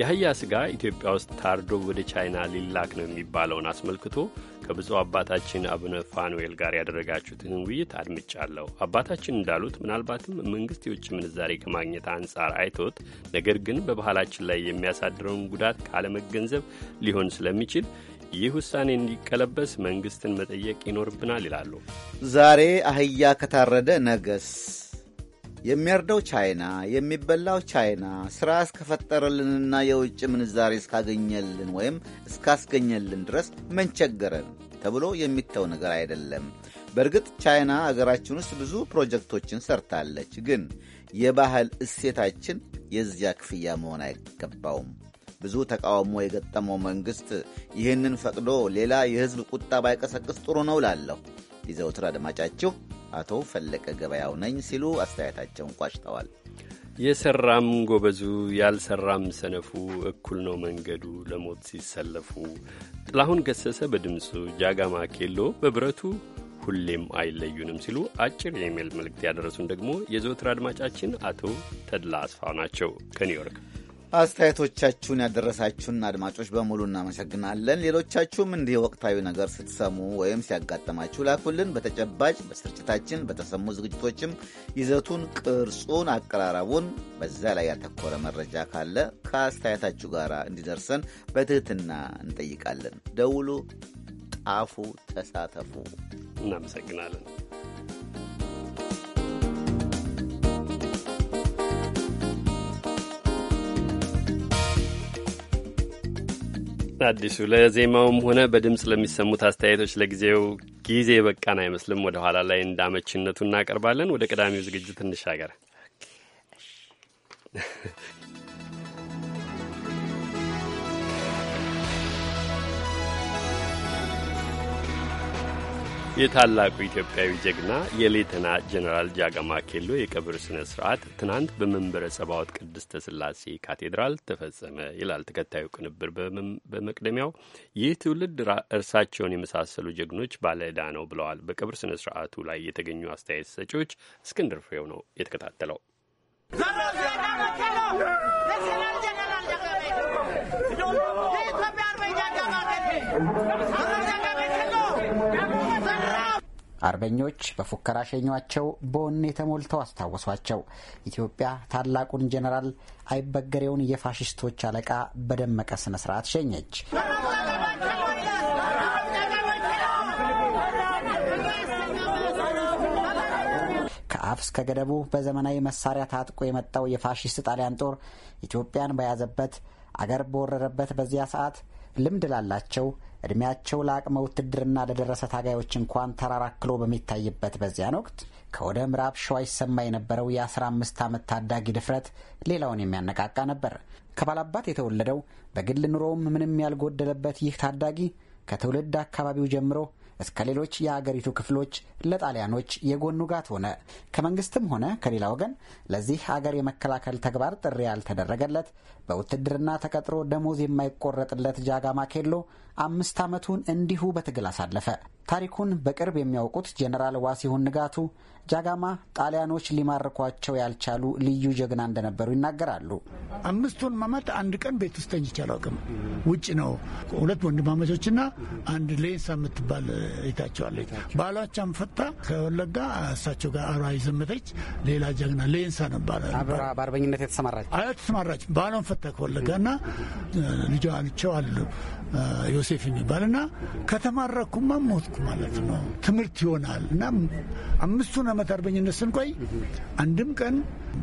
[SPEAKER 2] የአህያ ስጋ ኢትዮጵያ ውስጥ ታርዶ ወደ ቻይና ሊላክ ነው የሚባለውን አስመልክቶ ከብፁዕ አባታችን አቡነ ፋኑኤል ጋር ያደረጋችሁትን ውይይት አድምጫለሁ። አባታችን እንዳሉት ምናልባትም መንግስት የውጭ ምንዛሬ ከማግኘት አንጻር አይቶት፣ ነገር ግን በባህላችን ላይ የሚያሳድረውን ጉዳት ካለመገንዘብ ሊሆን ስለሚችል ይህ ውሳኔ እንዲቀለበስ መንግስትን መጠየቅ ይኖርብናል ይላሉ።
[SPEAKER 4] ዛሬ አህያ ከታረደ ነገስ የሚያርደው ቻይና፣ የሚበላው ቻይና፣ ሥራ እስከፈጠረልንና የውጭ ምንዛሬ እስካገኘልን ወይም እስካስገኘልን ድረስ መንቸገረን ተብሎ የሚተው ነገር አይደለም። በእርግጥ ቻይና አገራችን ውስጥ ብዙ ፕሮጀክቶችን ሰርታለች። ግን የባህል እሴታችን የዚያ ክፍያ መሆን አይገባውም። ብዙ ተቃውሞ የገጠመው መንግሥት ይህንን ፈቅዶ ሌላ የሕዝብ ቁጣ ባይቀሰቅስ ጥሩ ነው ላለሁ። የዘወትር አድማጫችሁ አቶ ፈለቀ ገበያው ነኝ ሲሉ
[SPEAKER 2] አስተያየታቸውን ቋጭተዋል። የሰራም ጎበዙ ያልሰራም ሰነፉ እኩል ነው መንገዱ ለሞት ሲሰለፉ። ጥላሁን ገሰሰ በድምፁ ጃጋማ ኬሎ በብረቱ ሁሌም አይለዩንም ሲሉ አጭር የኢሜል መልእክት ያደረሱን ደግሞ የዘወትር አድማጫችን አቶ ተድላ አስፋው ናቸው ከኒውዮርክ።
[SPEAKER 4] አስተያየቶቻችሁን ያደረሳችሁን አድማጮች በሙሉ እናመሰግናለን። ሌሎቻችሁም እንዲህ ወቅታዊ ነገር ስትሰሙ ወይም ሲያጋጠማችሁ ላኩልን። በተጨባጭ በስርጭታችን በተሰሙ ዝግጅቶችም ይዘቱን፣ ቅርጹን፣ አቀራረቡን በዛ ላይ ያተኮረ መረጃ ካለ ከአስተያየታችሁ ጋር እንዲደርሰን በትህትና እንጠይቃለን። ደውሉ፣ ጣፉ፣ ተሳተፉ። እናመሰግናለን።
[SPEAKER 2] አዲሱ ለዜማውም ሆነ በድምፅ ለሚሰሙት አስተያየቶች ለጊዜው ጊዜ በቃን አይመስልም። ወደ ኋላ ላይ እንዳመችነቱ እናቀርባለን። ወደ ቀዳሚው ዝግጅት እንሻገር። የታላቁ ኢትዮጵያዊ ጀግና የሌተና ጀኔራል ጃጋማ ኬሎ የቀብር ስነ ስርዓት ትናንት በመንበረ ጸባዖት ቅድስተ ስላሴ ካቴድራል ተፈጸመ ይላል ተከታዩ ቅንብር። በመቅደሚያው ይህ ትውልድ እርሳቸውን የመሳሰሉ ጀግኖች ባለዕዳ ነው ብለዋል። በቀብር ስነ ስርዓቱ ላይ የተገኙ አስተያየት ሰጪዎች እስክንድር ፍሬው ነው የተከታተለው።
[SPEAKER 1] አርበኞች በፉከራ ሸኟቸው፣ በወኔ ተሞልተው አስታወሷቸው። ኢትዮጵያ ታላቁን ጄኔራል አይበገሬውን የፋሽስቶች አለቃ በደመቀ ስነ ስርዓት ሸኘች። ከአፍ እስከ ገደቡ በዘመናዊ መሳሪያ ታጥቆ የመጣው የፋሽስት ጣሊያን ጦር ኢትዮጵያን በያዘበት አገር በወረረበት በዚያ ሰዓት ልምድ ላላቸው ዕድሜያቸው ለአቅመ ውትድርና ለደረሰ ታጋዮች እንኳን ተራራክሎ በሚታይበት በዚያን ወቅት ከወደ ምዕራብ ሸዋ ይሰማ የነበረው የ15 ዓመት ታዳጊ ድፍረት ሌላውን የሚያነቃቃ ነበር። ከባላባት የተወለደው በግል ኑሮውም ምንም ያልጎደለበት ይህ ታዳጊ ከትውልድ አካባቢው ጀምሮ እስከ ሌሎች የአገሪቱ ክፍሎች ለጣሊያኖች የጎኑ ጋት ሆነ። ከመንግስትም ሆነ ከሌላ ወገን ለዚህ አገር የመከላከል ተግባር ጥሪ ያልተደረገለት በውትድርና ተቀጥሮ ደሞዝ የማይቆረጥለት ጃጋ ማኬሎ አምስት ዓመቱን እንዲሁ በትግል አሳለፈ። ታሪኩን በቅርብ የሚያውቁት ጄኔራል ዋሲሁን ንጋቱ ጃጋማ ጣሊያኖች ሊማርኳቸው ያልቻሉ ልዩ ጀግና እንደነበሩ ይናገራሉ። አምስቱን ማማት አንድ ቀን ቤት ውስጥ ተኝቼ አላውቅም። ውጭ ነው።
[SPEAKER 12] ሁለት ወንድማማቾችና አንድ ሌንሳ የምትባል ይታቸዋለች። ባሏቻም ፈታ ከወለጋ እሳቸው ጋር አብራ ይዘመተች። ሌላ ጀግና ሌንሳ ነበር። በአርበኝነት የተሰማራች ተሰማራች። ባሏን ከወለጋ ከወለጋና ልጅ አግኝቼው አሉ ዮሴፍ የሚባል እና ከተማረኩማ ሞትኩ ማለት ነው። ትምህርት ይሆናል እና አምስቱን ዓመት አርበኝነት ስንቆይ አንድም ቀን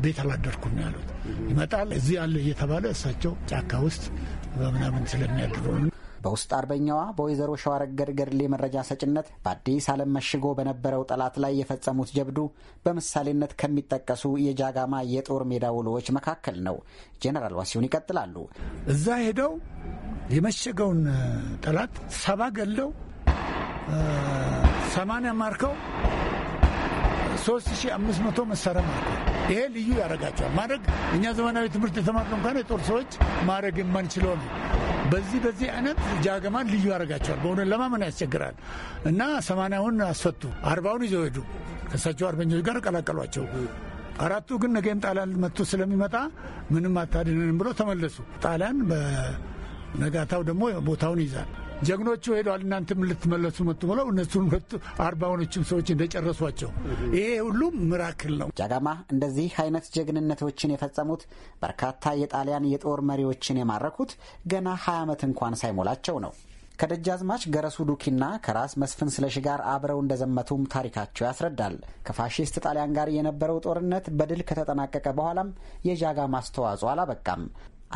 [SPEAKER 12] ቤት አላደርኩም ያሉት ይመጣል እዚህ
[SPEAKER 1] ያለ እየተባለ እሳቸው ጫካ ውስጥ በምናምን ስለሚያድሩ በውስጥ አርበኛዋ በወይዘሮ ሸዋረገድ ገድሌ መረጃ ሰጭነት በአዲስ ዓለም መሽጎ በነበረው ጠላት ላይ የፈጸሙት ጀብዱ በምሳሌነት ከሚጠቀሱ የጃጋማ የጦር ሜዳ ውሎዎች መካከል ነው። ጄኔራል ዋሲሁን ይቀጥላሉ። እዛ ሄደው የመሸገውን
[SPEAKER 12] ጠላት ሰባ ገለው ሰማንያ ማርከው 3500 መሳሪያ ማለት ይሄ ልዩ ያደርጋቸዋል። ማድረግ እኛ ዘመናዊ ትምህርት የተማርነው እንኳን የጦር ሰዎች ማድረግ የማንችለው ነው። በዚህ በዚህ አይነት ጃገማን ልዩ ያደርጋቸዋል። በእውነት ለማመን ያስቸግራል። እና ሰማንያውን አስፈቱ፣ አርባውን ይዘው ሄዱ። ከእሳቸው አርበኞች ጋር ቀላቀሏቸው። አራቱ ግን ነገም ጣሊያን መጥቶ ስለሚመጣ ምንም አታድነንም ብሎ ተመለሱ። ጣሊያን በነጋታው ደግሞ ቦታውን ይዛል። ጀግኖቹ ሄደዋል፣ እናንተም ልትመለሱ መጡ ብለው እነሱን ሁለቱ አርባውኖችም ሰዎች እንደጨረሷቸው ይሄ
[SPEAKER 1] ሁሉም ምራክል ነው። ጃጋማ እንደዚህ አይነት ጀግንነቶችን የፈጸሙት በርካታ የጣሊያን የጦር መሪዎችን የማረኩት ገና 20 ዓመት እንኳን ሳይሞላቸው ነው። ከደጃዝማች ገረሱ ዱኪና ከራስ መስፍን ስለሺ ጋር አብረው እንደዘመቱም ታሪካቸው ያስረዳል። ከፋሺስት ጣሊያን ጋር የነበረው ጦርነት በድል ከተጠናቀቀ በኋላም የጃጋማ አስተዋጽኦ አላበቃም።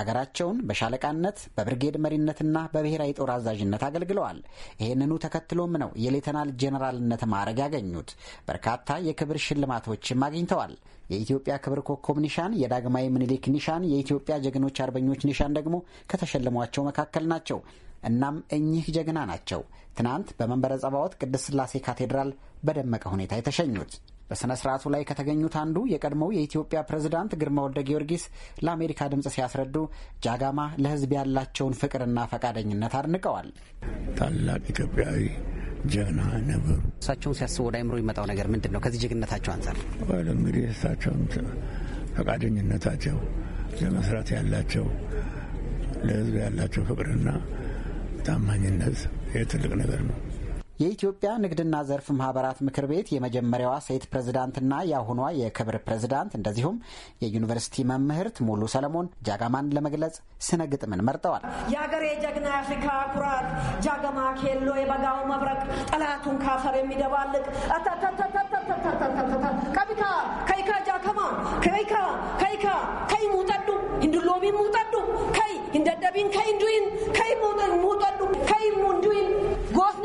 [SPEAKER 1] አገራቸውን በሻለቃነት በብርጌድ መሪነትና በብሔራዊ ጦር አዛዥነት አገልግለዋል። ይህንኑ ተከትሎም ነው የሌተናል ጄኔራልነት ማዕረግ ያገኙት። በርካታ የክብር ሽልማቶችም አግኝተዋል። የኢትዮጵያ ክብር ኮከብ ኒሻን፣ የዳግማዊ ምኒልክ ኒሻን፣ የኢትዮጵያ ጀግኖች አርበኞች ኒሻን ደግሞ ከተሸለሟቸው መካከል ናቸው። እናም እኚህ ጀግና ናቸው ትናንት በመንበረ ጸባዖት ቅድስት ስላሴ ካቴድራል በደመቀ ሁኔታ የተሸኙት። በሥነ ሥርዓቱ ላይ ከተገኙት አንዱ የቀድሞው የኢትዮጵያ ፕሬዝዳንት ግርማ ወልደ ጊዮርጊስ ለአሜሪካ ድምፅ ሲያስረዱ ጃጋማ ለሕዝብ ያላቸውን ፍቅርና ፈቃደኝነት አድንቀዋል። ታላቅ ኢትዮጵያዊ ጀግና ነበሩ። እሳቸውን ሲያስቡ ወደ አይምሮ የሚመጣው ነገር ምንድን ነው? ከዚህ ጀግንነታቸው አንጻር
[SPEAKER 12] እንግዲህ እሳቸውን ፈቃደኝነታቸው ለመስራት ያላቸው ለሕዝብ ያላቸው ፍቅርና ታማኝነት የትልቅ ነገር ነው።
[SPEAKER 1] የኢትዮጵያ ንግድና ዘርፍ ማህበራት ምክር ቤት የመጀመሪያዋ ሴት ፕሬዝዳንትና የአሁኗ የክብር ፕሬዝዳንት እንደዚሁም የዩኒቨርሲቲ መምህርት ሙሉ ሰለሞን ጃጋማን ለመግለጽ ስነ ግጥምን መርጠዋል።
[SPEAKER 7] የአገሬ ጀግና የአፍሪካ ኩራት ጃገማ ኬሎ የበጋው መብረቅ ጠላቱን ካፈር የሚደባልቅ ቀቢካ ከይካ ጃከማ ከይካ ከይካ ከይ ሙጠዱ ሂንዱሎሚን ሙጠዱ ከይ ሂንደደቢን ከይ እንዱይን ከይ ሙጠዱ ከይ ሙንዱይን ጎስን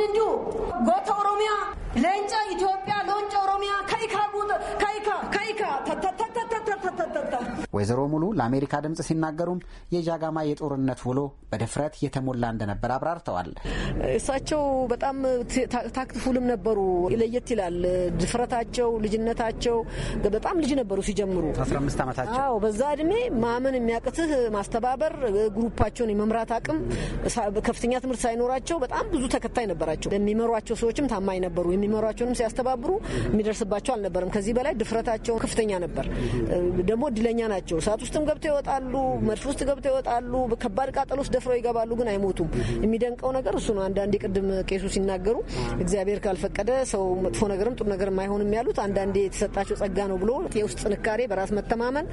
[SPEAKER 7] ጎተ ኦሮሚያ ለእንጫ ኢትዮጵያ
[SPEAKER 5] ለወንጭ ኦሮሚያ ከይካ ከይካ ከይካ
[SPEAKER 1] ወይዘሮ ሙሉ ለአሜሪካ ድምፅ ሲናገሩም የጃጋማ የጦርነት ውሎ በድፍረት የተሞላ እንደነበር
[SPEAKER 7] አብራርተዋል። እሳቸው በጣም ታክትፉልም ነበሩ። ለየት ይላል ድፍረታቸው፣ ልጅነታቸው። በጣም ልጅ ነበሩ ሲጀምሩ አምስት ዓመታቸው። አዎ በዛ እድሜ ማመን የሚያቅትህ ማስተባበር፣ ግሩፓቸውን የመምራት አቅም ከፍተኛ ትምህርት ሳይኖራቸው በጣም ብዙ ተከታይ ነበራቸው። የሚመሯቸው ሰዎችም ታማኝ ነበሩ። የሚመሯቸውንም ሲያስተባብሩ የሚደርስባቸው አልነበረም። ከዚህ በላይ ድፍረታቸው ከፍተኛ ነበር። ደግሞ እድለኛ ናቸው። እሳት ውስጥም ገብተው ይወጣሉ፣ መድፍ ውስጥ ገብተው ይወጣሉ፣ ከባድ ቃጠሎ ውስጥ ደፍረው ይገባሉ፣ ግን አይሞቱም። የሚደንቀው ነገር እሱ ነው። አንዳንዴ ቅድም ቄሱ ሲናገሩ እግዚአብሔር ካልፈቀደ ሰው መጥፎ ነገርም ጥሩ ነገርም አይሆንም ያሉት አንዳንዴ የተሰጣቸው ጸጋ ነው ብሎ የውስጥ ጥንካሬ፣ በራስ መተማመን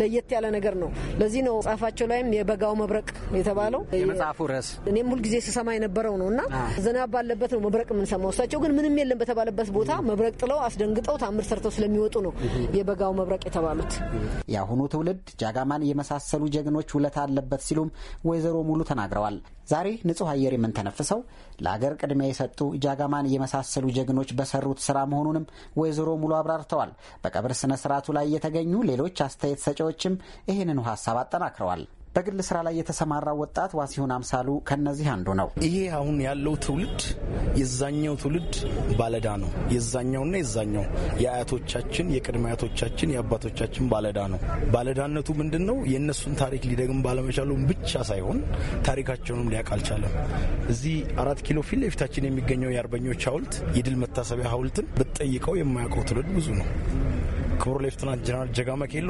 [SPEAKER 7] ለየት ያለ ነገር ነው። ለዚህ ነው መጽሐፋቸው ላይም የበጋው መብረቅ የተባለው የመጽሐፉ ርዕስ እኔም ሁልጊዜ ስሰማ የነበረው ነው እና ዝናብ ባለበት ነው መብረቅ የምንሰማው። እሳቸው ግን ምንም የለም በተባለበት ቦታ መብረቅ ጥለው አስደንግጠው ታምር ሰርተው ስለሚወጡ ነው የበጋው መብረቅ የተባሉት።
[SPEAKER 1] የአሁኑ ትውልድ ጃጋማን የመሳሰሉ ጀግኖች ውለታ አለበት ሲሉም ወይዘሮ ሙሉ ተናግረዋል። ዛሬ ንጹህ አየር የምንተነፍሰው ለአገር ቅድሚያ የሰጡ ጃጋማን የመሳሰሉ ጀግኖች በሰሩት ስራ መሆኑንም ወይዘሮ ሙሉ አብራርተዋል። በቀብር ስነ ስርዓቱ ላይ የተገኙ ሌሎች አስተያየት ሰጪዎችም ይህንኑ ሀሳብ አጠናክረዋል። በግል ስራ ላይ የተሰማራው ወጣት ዋሲሁን አምሳሉ ከነዚህ አንዱ ነው። ይሄ አሁን ያለው ትውልድ የዛኛው ትውልድ ባለዳ ነው። የዛኛውና
[SPEAKER 8] የዛኛው የአያቶቻችን፣ የቅድመ አያቶቻችን፣ የአባቶቻችን ባለዳ ነው። ባለዳነቱ ምንድን ነው? የእነሱን ታሪክ ሊደግም ባለመቻሉም ብቻ ሳይሆን ታሪካቸውንም ሊያውቅ አልቻለም። እዚህ አራት ኪሎ ፊት ለፊታችን የሚገኘው የአርበኞች ሐውልት የድል መታሰቢያ ሐውልትን ብትጠይቀው የማያውቀው ትውልድ ብዙ ነው። ክቡር ሌፍትናንት ጀነራል ጀጋ መኬሎ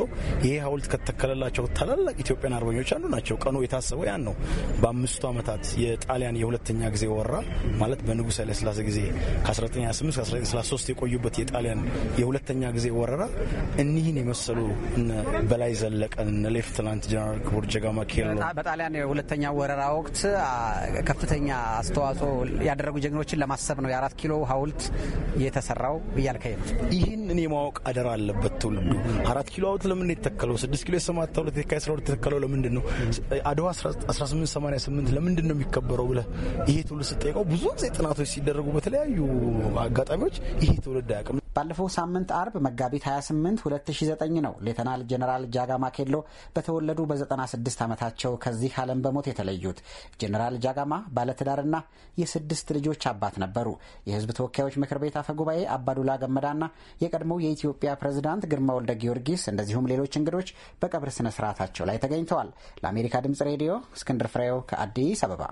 [SPEAKER 8] ይሄ ሀውልት ከተተከለላቸው ታላላቅ ኢትዮጵያን አርበኞች አንዱ ናቸው። ቀኑ የታሰበው ያን ነው። በአምስቱ ዓመታት የጣሊያን የሁለተኛ ጊዜ ወረራ ማለት በንጉሥ ኃይለ ጊዜ ከ1928 እስከ 1933 የቆዩበት የጣሊያን የሁለተኛ ጊዜ ወረራ እኒህን የመሰሉ በላይ ዘለቀን ሌፍትናንት ጀነራል ክቡር ጀጋ መኬሎ
[SPEAKER 1] በጣሊያን የሁለተኛ ወረራ ወቅት ከፍተኛ አስተዋጽኦ ያደረጉ ጀግኖችን ለማሰብ ነው የአራት ኪሎ ሀውልት የተሰራው እያልከኝ ይህን እኔ ማወቅ አደራ አለ
[SPEAKER 8] ያለበት ትውልድ ነው። አራት ኪሎ አውት ለምን የተከለው? ስድስት ኪሎ የሰማታ ሁለት የካቲት ስራ ሁለት የተከለው ለምንድን ነው? አድዋ አስራ ስምንት ሰማንያ ስምንት ለምንድን ነው የሚከበረው
[SPEAKER 12] ብለ
[SPEAKER 1] ይሄ ትውልድ ስጠይቀው ብዙ ጊዜ ጥናቶች ሲደረጉ በተለያዩ አጋጣሚዎች ይሄ ትውልድ አያውቅም። ባለፈው ሳምንት አርብ መጋቢት 28 2009 ነው ሌተናል ጀነራል ጃጋ ማኬሎ በተወለዱ በ96 ዓመታቸው ከዚህ ዓለም በሞት የተለዩት። ጀነራል ጃጋማ ባለትዳርና የስድስት ልጆች አባት ነበሩ። የህዝብ ተወካዮች ምክር ቤት አፈ ጉባኤ አባዱላ ገመዳና የቀድሞው የኢትዮጵያ ፕሬዝዳንት ግርማ ወልደ ጊዮርጊስ እንደዚሁም ሌሎች እንግዶች በቀብር ስነ ስርዓታቸው ላይ ተገኝተዋል። ለአሜሪካ ድምጽ ሬዲዮ እስክንድር ፍሬው ከአዲስ አበባ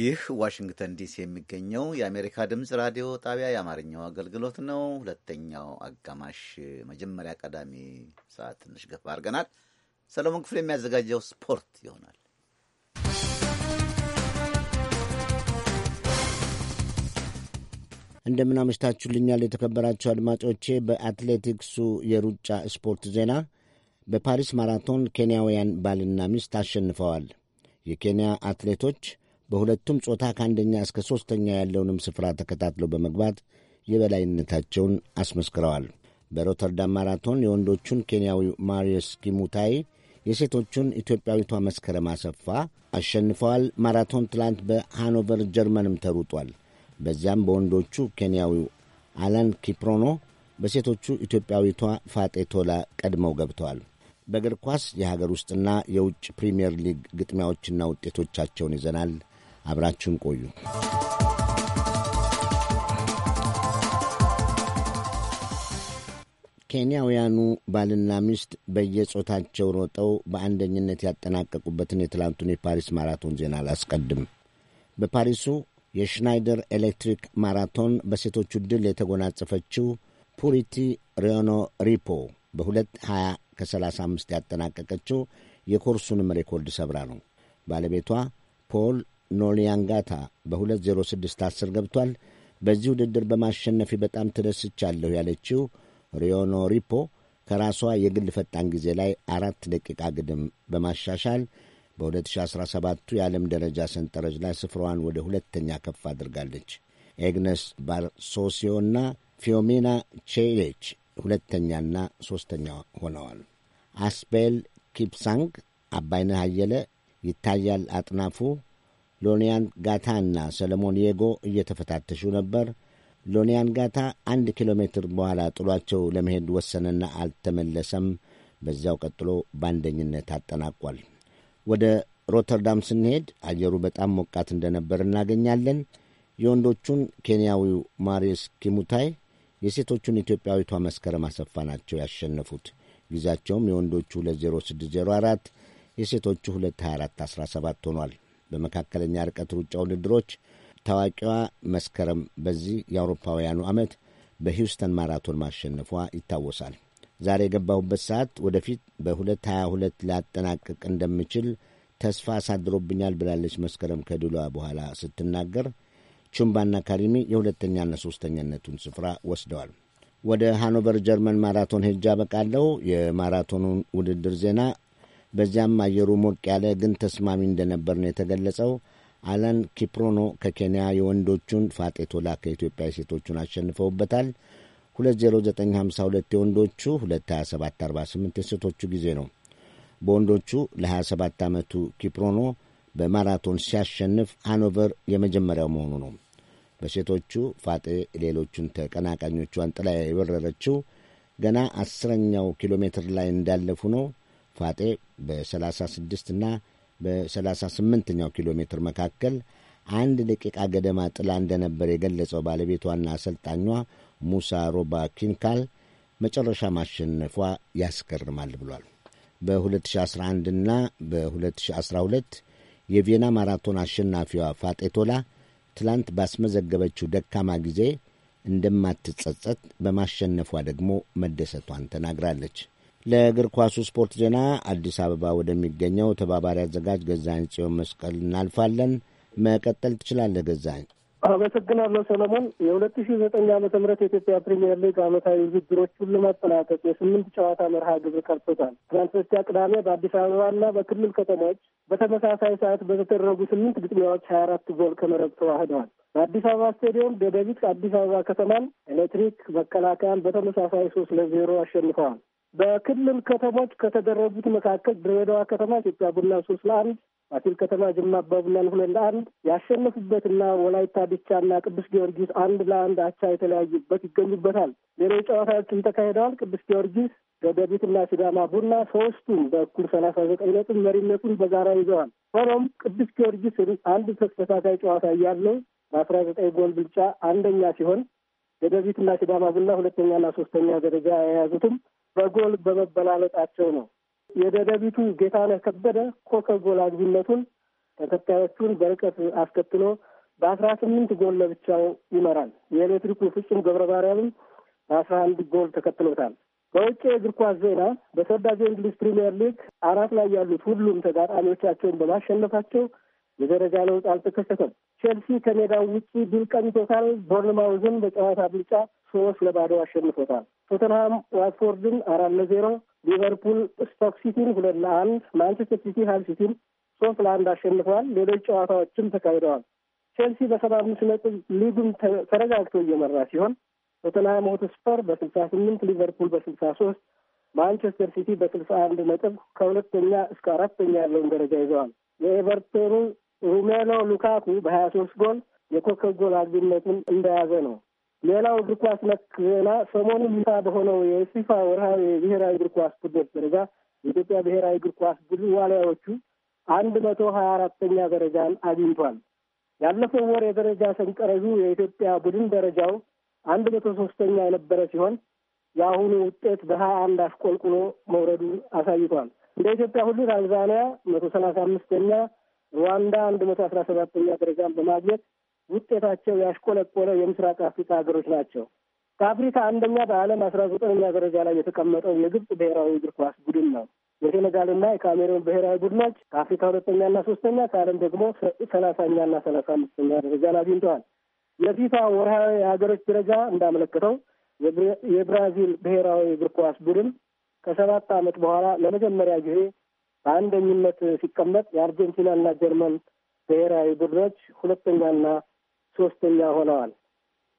[SPEAKER 4] ይህ ዋሽንግተን ዲሲ የሚገኘው የአሜሪካ ድምፅ ራዲዮ ጣቢያ የአማርኛው አገልግሎት ነው። ሁለተኛው አጋማሽ መጀመሪያ ቀዳሚ ሰዓት ትንሽ ገፋ አድርገናል። ሰለሞን ክፍል የሚያዘጋጀው ስፖርት ይሆናል።
[SPEAKER 6] እንደምናመሽታችሁልኛል የተከበራቸው አድማጮቼ። በአትሌቲክሱ የሩጫ ስፖርት ዜና በፓሪስ ማራቶን ኬንያውያን ባልና ሚስት አሸንፈዋል። የኬንያ አትሌቶች በሁለቱም ጾታ ከአንደኛ እስከ ሦስተኛ ያለውንም ስፍራ ተከታትለው በመግባት የበላይነታቸውን አስመስክረዋል። በሮተርዳም ማራቶን የወንዶቹን ኬንያዊው ማሪየስ ኪሙታይ፣ የሴቶቹን ኢትዮጵያዊቷ መስከረም አሰፋ አሸንፈዋል። ማራቶን ትላንት በሃኖቨር ጀርመንም ተሩጧል። በዚያም በወንዶቹ ኬንያዊው አላን ኪፕሮኖ፣ በሴቶቹ ኢትዮጵያዊቷ ፋጤ ቶላ ቀድመው ገብተዋል። በእግር ኳስ የሀገር ውስጥና የውጭ ፕሪምየር ሊግ ግጥሚያዎችና ውጤቶቻቸውን ይዘናል። አብራችሁን ቆዩ። ኬንያውያኑ ባልና ሚስት በየጾታቸው ሮጠው በአንደኝነት ያጠናቀቁበትን የትላንቱን የፓሪስ ማራቶን ዜና አላስቀድም። በፓሪሱ የሽናይደር ኤሌክትሪክ ማራቶን በሴቶቹ ድል የተጎናጸፈችው ፑሪቲ ሪዮኖ ሪፖ በሁለት 20 ከ35 ያጠናቀቀችው የኮርሱንም ሬኮርድ ሰብራ ነው። ባለቤቷ ፖል ኖሊያንጋታ በ206 10 ገብቷል። በዚህ ውድድር በማሸነፊ በጣም ተደስቻለሁ ያለችው ሪዮኖ ሪፖ ከራሷ የግል ፈጣን ጊዜ ላይ አራት ደቂቃ ግድም በማሻሻል በ2017ቱ የዓለም ደረጃ ሰንጠረዥ ላይ ስፍራዋን ወደ ሁለተኛ ከፍ አድርጋለች። ኤግነስ ባርሶሲዮና ፊዮሜና ቼሌች ሁለተኛና ሦስተኛ ሆነዋል። አስቤል ኪፕሳንግ፣ አባይነህ አየለ፣ ይታያል አጥናፉ ሎኒያን ጋታ እና ሰለሞን የጎ እየተፈታተሹ ነበር። ሎኒያን ጋታ አንድ ኪሎ ሜትር በኋላ ጥሏቸው ለመሄድ ወሰነና አልተመለሰም። በዚያው ቀጥሎ በአንደኝነት አጠናቋል። ወደ ሮተርዳም ስንሄድ አየሩ በጣም ሞቃት እንደነበር እናገኛለን። የወንዶቹን ኬንያዊው ማሪስ ኪሙታይ፣ የሴቶቹን ኢትዮጵያዊቷ መስከረም አሰፋ ናቸው ያሸነፉት። ጊዜያቸውም የወንዶቹ 20604 የሴቶቹ 22417 ሆኗል። በመካከለኛ ርቀት ሩጫ ውድድሮች ታዋቂዋ መስከረም በዚህ የአውሮፓውያኑ ዓመት በሂውስተን ማራቶን ማሸነፏ ይታወሳል። ዛሬ የገባሁበት ሰዓት ወደፊት በ222 ላጠናቅቅ እንደምችል ተስፋ አሳድሮብኛል ብላለች መስከረም ከድሏ በኋላ ስትናገር፣ ቹምባና ካሪሚ የሁለተኛና ሦስተኛነቱን ስፍራ ወስደዋል። ወደ ሃኖቨር ጀርመን ማራቶን ሄጄ አበቃለሁ። የማራቶኑን ውድድር ዜና በዚያም አየሩ ሞቅ ያለ ግን ተስማሚ እንደነበር ነው የተገለጸው። አላን ኪፕሮኖ ከኬንያ የወንዶቹን፣ ቶላ ከኢትዮጵያ የሴቶቹን አሸንፈውበታል። 20952 የወንዶቹ 22748 የሴቶቹ ጊዜ ነው። በወንዶቹ ለ27 ዓመቱ ኪፕሮኖ በማራቶን ሲያሸንፍ ሃኖቨር የመጀመሪያው መሆኑ ነው። በሴቶቹ ፋጤ ሌሎቹን ተቀናቃኞቿን ጥላ የበረረችው ገና አስረኛው ኪሎ ሜትር ላይ እንዳለፉ ነው። ፋጤ በ36 እና በ38ኛው ኪሎ ሜትር መካከል አንድ ደቂቃ ገደማ ጥላ እንደነበር የገለጸው ባለቤቷና አሰልጣኟ ሙሳ ሮባ ኪንካል መጨረሻ ማሸነፏ ያስገርማል ብሏል። በ2011 እና በ2012 የቪየና ማራቶን አሸናፊዋ ፋጤቶላ ትላንት ባስመዘገበችው ደካማ ጊዜ እንደማትጸጸት በማሸነፏ ደግሞ መደሰቷን ተናግራለች። ለእግር ኳሱ ስፖርት ዜና አዲስ አበባ ወደሚገኘው ተባባሪ አዘጋጅ ገዛኝ ጽዮን መስቀል እናልፋለን። መቀጠል ትችላለህ ገዛኝ።
[SPEAKER 13] አመሰግናለሁ ሰለሞን። የሁለት ሺ ዘጠኝ ዓመተ ምህረት የኢትዮጵያ ፕሪሚየር ሊግ ዓመታዊ ውድድሮችን ለማጠናቀቅ የስምንት ጨዋታ መርሃ ግብር ቀርቶታል። ትናንት በስቲያ ቅዳሜ በአዲስ አበባና በክልል ከተሞች በተመሳሳይ ሰዓት በተደረጉ ስምንት ግጥሚያዎች ሀያ አራት ጎል ከመረብ ተዋህደዋል። በአዲስ አበባ ስቴዲየም ደደቢት አዲስ አበባ ከተማን፣ ኤሌክትሪክ መከላከያን በተመሳሳይ ሶስት ለዜሮ አሸንፈዋል። በክልል ከተሞች ከተደረጉት መካከል ድሬዳዋ ከተማ ኢትዮጵያ ቡና ሶስት ለአንድ፣ ፋሲል ከተማ ጅማ አባ ቡናን ሁለት ለአንድ ያሸነፉበትና ወላይታ ዲቻና ቅዱስ ጊዮርጊስ አንድ ለአንድ አቻ የተለያዩበት ይገኙበታል። ሌሎች ጨዋታዎችም ተካሂደዋል። ቅዱስ ጊዮርጊስ ደደቢትና ሲዳማ ቡና ሶስቱም በእኩል ሰላሳ ዘጠኝ ነጥብ መሪነቱን በጋራ ይዘዋል። ሆኖም ቅዱስ ጊዮርጊስ አንድ ተስተካካይ ጨዋታ እያለው በአስራ ዘጠኝ ጎል ብልጫ አንደኛ ሲሆን ደደቢትና ሲዳማ ቡና ሁለተኛና ሶስተኛ ደረጃ የያዙትም በጎል በመበላለጣቸው ነው። የደደቢቱ ጌታነህ ከበደ ኮከብ ጎል አግቢነቱን ተከታዮቹን በርቀት አስከትሎ በአስራ ስምንት ጎል ለብቻው ይመራል። የኤሌክትሪኩ ፍጹም ገብረ ማርያምም በአስራ አንድ ጎል ተከትሎታል። በውጭ የእግር ኳስ ዜና በተወዳጁ እንግሊዝ ፕሪምየር ሊግ አራት ላይ ያሉት ሁሉም ተጋጣሚዎቻቸውን በማሸነፋቸው የደረጃ ለውጥ አልተከሰተም። ቼልሲ ከሜዳው ውጭ ድል ቀንቶታል። ቦርንማውዝን በጨዋታ ብልጫ ሶስት ለባዶ አሸንፎታል። ቶተንሃም ዋትፎርድን አራት ለዜሮ፣ ሊቨርፑል ስቶክ ሲቲን ሁለት ለአንድ፣ ማንቸስተር ሲቲ ሀል ሲቲን ሶስት ለአንድ አሸንፈዋል። ሌሎች ጨዋታዎችም ተካሂደዋል። ቼልሲ በሰባ አምስት ነጥብ ሊጉን ተረጋግቶ እየመራ ሲሆን ቶተንሃም ሆትስፐር በስልሳ ስምንት ሊቨርፑል በስልሳ ሶስት ማንቸስተር ሲቲ በስልሳ አንድ ነጥብ ከሁለተኛ እስከ አራተኛ ያለውን ደረጃ ይዘዋል። የኤቨርተኑ ሩሜሎ ሉካኩ በሀያ ሶስት ጎል የኮከብ ጎል አግቢነቱን እንደያዘ ነው። ሌላው እግር ኳስ ነክ ዜና ሰሞኑን ይፋ በሆነው የፊፋ ወርሃዊ የብሔራዊ እግር ኳስ ቡድኖች ደረጃ የኢትዮጵያ ብሔራዊ እግር ኳስ ቡድን ዋልያዎቹ አንድ መቶ ሀያ አራተኛ ደረጃን አግኝቷል። ያለፈው ወር የደረጃ ሰንጠረዡ የኢትዮጵያ ቡድን ደረጃው አንድ መቶ ሶስተኛ የነበረ ሲሆን የአሁኑ ውጤት በሀያ አንድ አሽቆልቁሎ መውረዱን አሳይቷል። እንደ ኢትዮጵያ ሁሉ ታንዛኒያ መቶ ሰላሳ አምስተኛ ሩዋንዳ አንድ መቶ አስራ ሰባተኛ ደረጃን በማግኘት ውጤታቸው ያሽቆለቆለ የምስራቅ አፍሪካ ሀገሮች ናቸው። ከአፍሪካ አንደኛ በዓለም አስራ ዘጠነኛ ደረጃ ላይ የተቀመጠው የግብፅ ብሔራዊ እግር ኳስ ቡድን ነው። የሴኔጋልና የካሜሮን ብሔራዊ ቡድኖች ከአፍሪካ ሁለተኛና ሶስተኛ ከዓለም ደግሞ ሰላሳኛና ሰላሳ አምስተኛ ላይ አግኝተዋል። የፊፋ ወርሃዊ የሀገሮች ደረጃ እንዳመለከተው የብራዚል ብሔራዊ እግር ኳስ ቡድን ከሰባት ዓመት በኋላ ለመጀመሪያ ጊዜ በአንደኝነት ሲቀመጥ የአርጀንቲናና ጀርመን ብሔራዊ ቡድኖች ሁለተኛና ሶስተኛ ሆነዋል።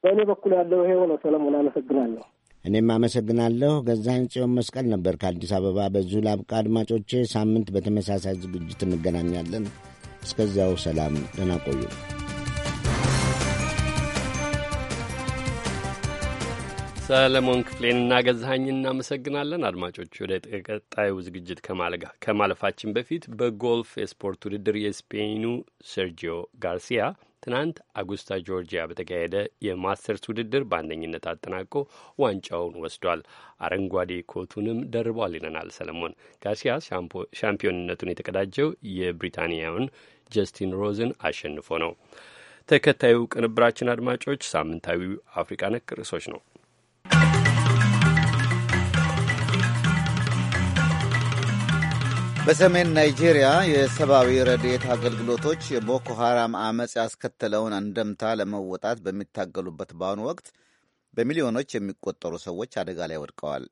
[SPEAKER 13] በእኔ በኩል ያለው ይሄው ነው። ሰለሞን አመሰግናለሁ።
[SPEAKER 6] እኔም አመሰግናለሁ። ገዛኸኝ ጽዮን መስቀል ነበር ከአዲስ አበባ። በዚሁ ላብቃ አድማጮቼ። ሳምንት በተመሳሳይ ዝግጅት እንገናኛለን። እስከዚያው ሰላም፣ ደህና ቆዩ።
[SPEAKER 2] ሰለሞን ክፍሌንና ገዛኸኝ እናመሰግናለን። አድማጮች ወደ ቀጣዩ ዝግጅት ከማለፋችን በፊት በጎልፍ የስፖርት ውድድር የስፔኑ ሰርጂዮ ጋርሲያ ትናንት አጉስታ ጆርጂያ በተካሄደ የማስተርስ ውድድር በአንደኝነት አጠናቆ ዋንጫውን ወስዷል። አረንጓዴ ኮቱንም ደርቧል ይለናል ሰለሞን። ጋርሲያ። ሻምፒዮንነቱን የተቀዳጀው የብሪታንያውን ጀስቲን ሮዝን አሸንፎ ነው። ተከታዩ ቅንብራችን አድማጮች ሳምንታዊ አፍሪቃ ነክ ርዕሶች ነው።
[SPEAKER 4] በሰሜን ናይጄሪያ የሰብአዊ ረድኤት አገልግሎቶች የቦኮ ሐራም አመፅ ያስከተለውን አንደምታ ለመወጣት በሚታገሉበት በአሁኑ ወቅት በሚሊዮኖች የሚቆጠሩ ሰዎች አደጋ ላይ ወድቀዋል።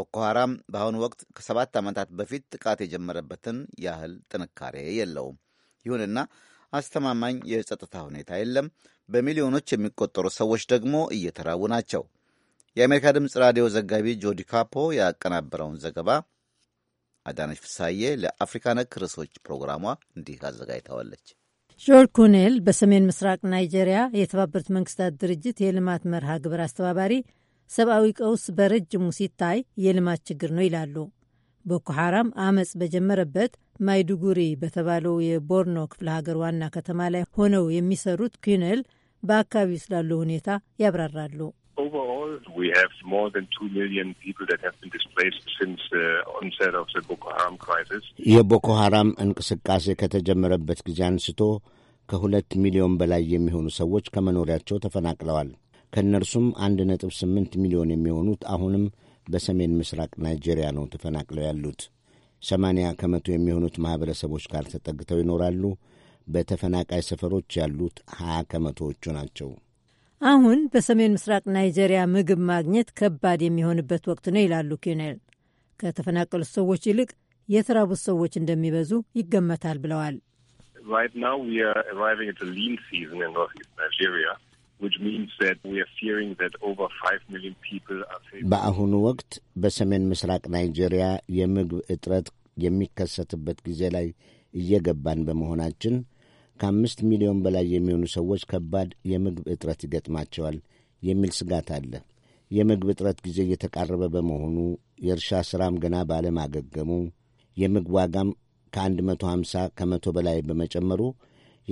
[SPEAKER 4] ቦኮ ሐራም በአሁኑ ወቅት ከሰባት ዓመታት በፊት ጥቃት የጀመረበትን ያህል ጥንካሬ የለውም። ይሁንና አስተማማኝ የጸጥታ ሁኔታ የለም። በሚሊዮኖች የሚቆጠሩ ሰዎች ደግሞ እየተራቡ ናቸው። የአሜሪካ ድምፅ ራዲዮ ዘጋቢ ጆዲ ካፖ ያቀናበረውን ዘገባ አዳነች ፍሳዬ ለአፍሪካ ነክ ርዕሶች ፕሮግራሟ እንዲህ አዘጋጅተዋለች።
[SPEAKER 7] ጆል ኩኔል በሰሜን ምስራቅ ናይጄሪያ የተባበሩት መንግስታት ድርጅት የልማት መርሃ ግብር አስተባባሪ ሰብአዊ ቀውስ በረጅሙ ሲታይ የልማት ችግር ነው ይላሉ። ቦኮ ሐራም አመፅ በጀመረበት ማይዱጉሪ በተባለው የቦርኖ ክፍለ ሀገር ዋና ከተማ ላይ ሆነው የሚሰሩት ኩኔል በአካባቢው ስላለው ሁኔታ ያብራራሉ።
[SPEAKER 13] Overall,
[SPEAKER 14] we have more than two million people that have been displaced since the uh, onset of the Boko Haram
[SPEAKER 6] crisis. የቦኮ ሐራም እንቅስቃሴ ከተጀመረበት ጊዜ አንስቶ ከሁለት ሚሊዮን በላይ የሚሆኑ ሰዎች ከመኖሪያቸው ተፈናቅለዋል። ከእነርሱም አንድ ነጥብ ስምንት ሚሊዮን የሚሆኑት አሁንም በሰሜን ምስራቅ ናይጄሪያ ነው ተፈናቅለው ያሉት። ሰማንያ ከመቶ የሚሆኑት ማኅበረሰቦች ጋር ተጠግተው ይኖራሉ። በተፈናቃይ ሰፈሮች ያሉት ሀያ ከመቶዎቹ ናቸው።
[SPEAKER 7] አሁን በሰሜን ምስራቅ ናይጄሪያ ምግብ ማግኘት ከባድ የሚሆንበት ወቅት ነው ይላሉ ኪኔል። ከተፈናቀሉት ሰዎች ይልቅ የተራቡት ሰዎች እንደሚበዙ ይገመታል ብለዋል።
[SPEAKER 6] በአሁኑ ወቅት በሰሜን ምስራቅ ናይጄሪያ የምግብ እጥረት የሚከሰትበት ጊዜ ላይ እየገባን በመሆናችን ከአምስት ሚሊዮን በላይ የሚሆኑ ሰዎች ከባድ የምግብ እጥረት ይገጥማቸዋል የሚል ስጋት አለ። የምግብ እጥረት ጊዜ እየተቃረበ በመሆኑ የእርሻ ሥራም ገና ባለማገገሙ የምግብ ዋጋም መቶ ሀምሳ ከመቶ በላይ በመጨመሩ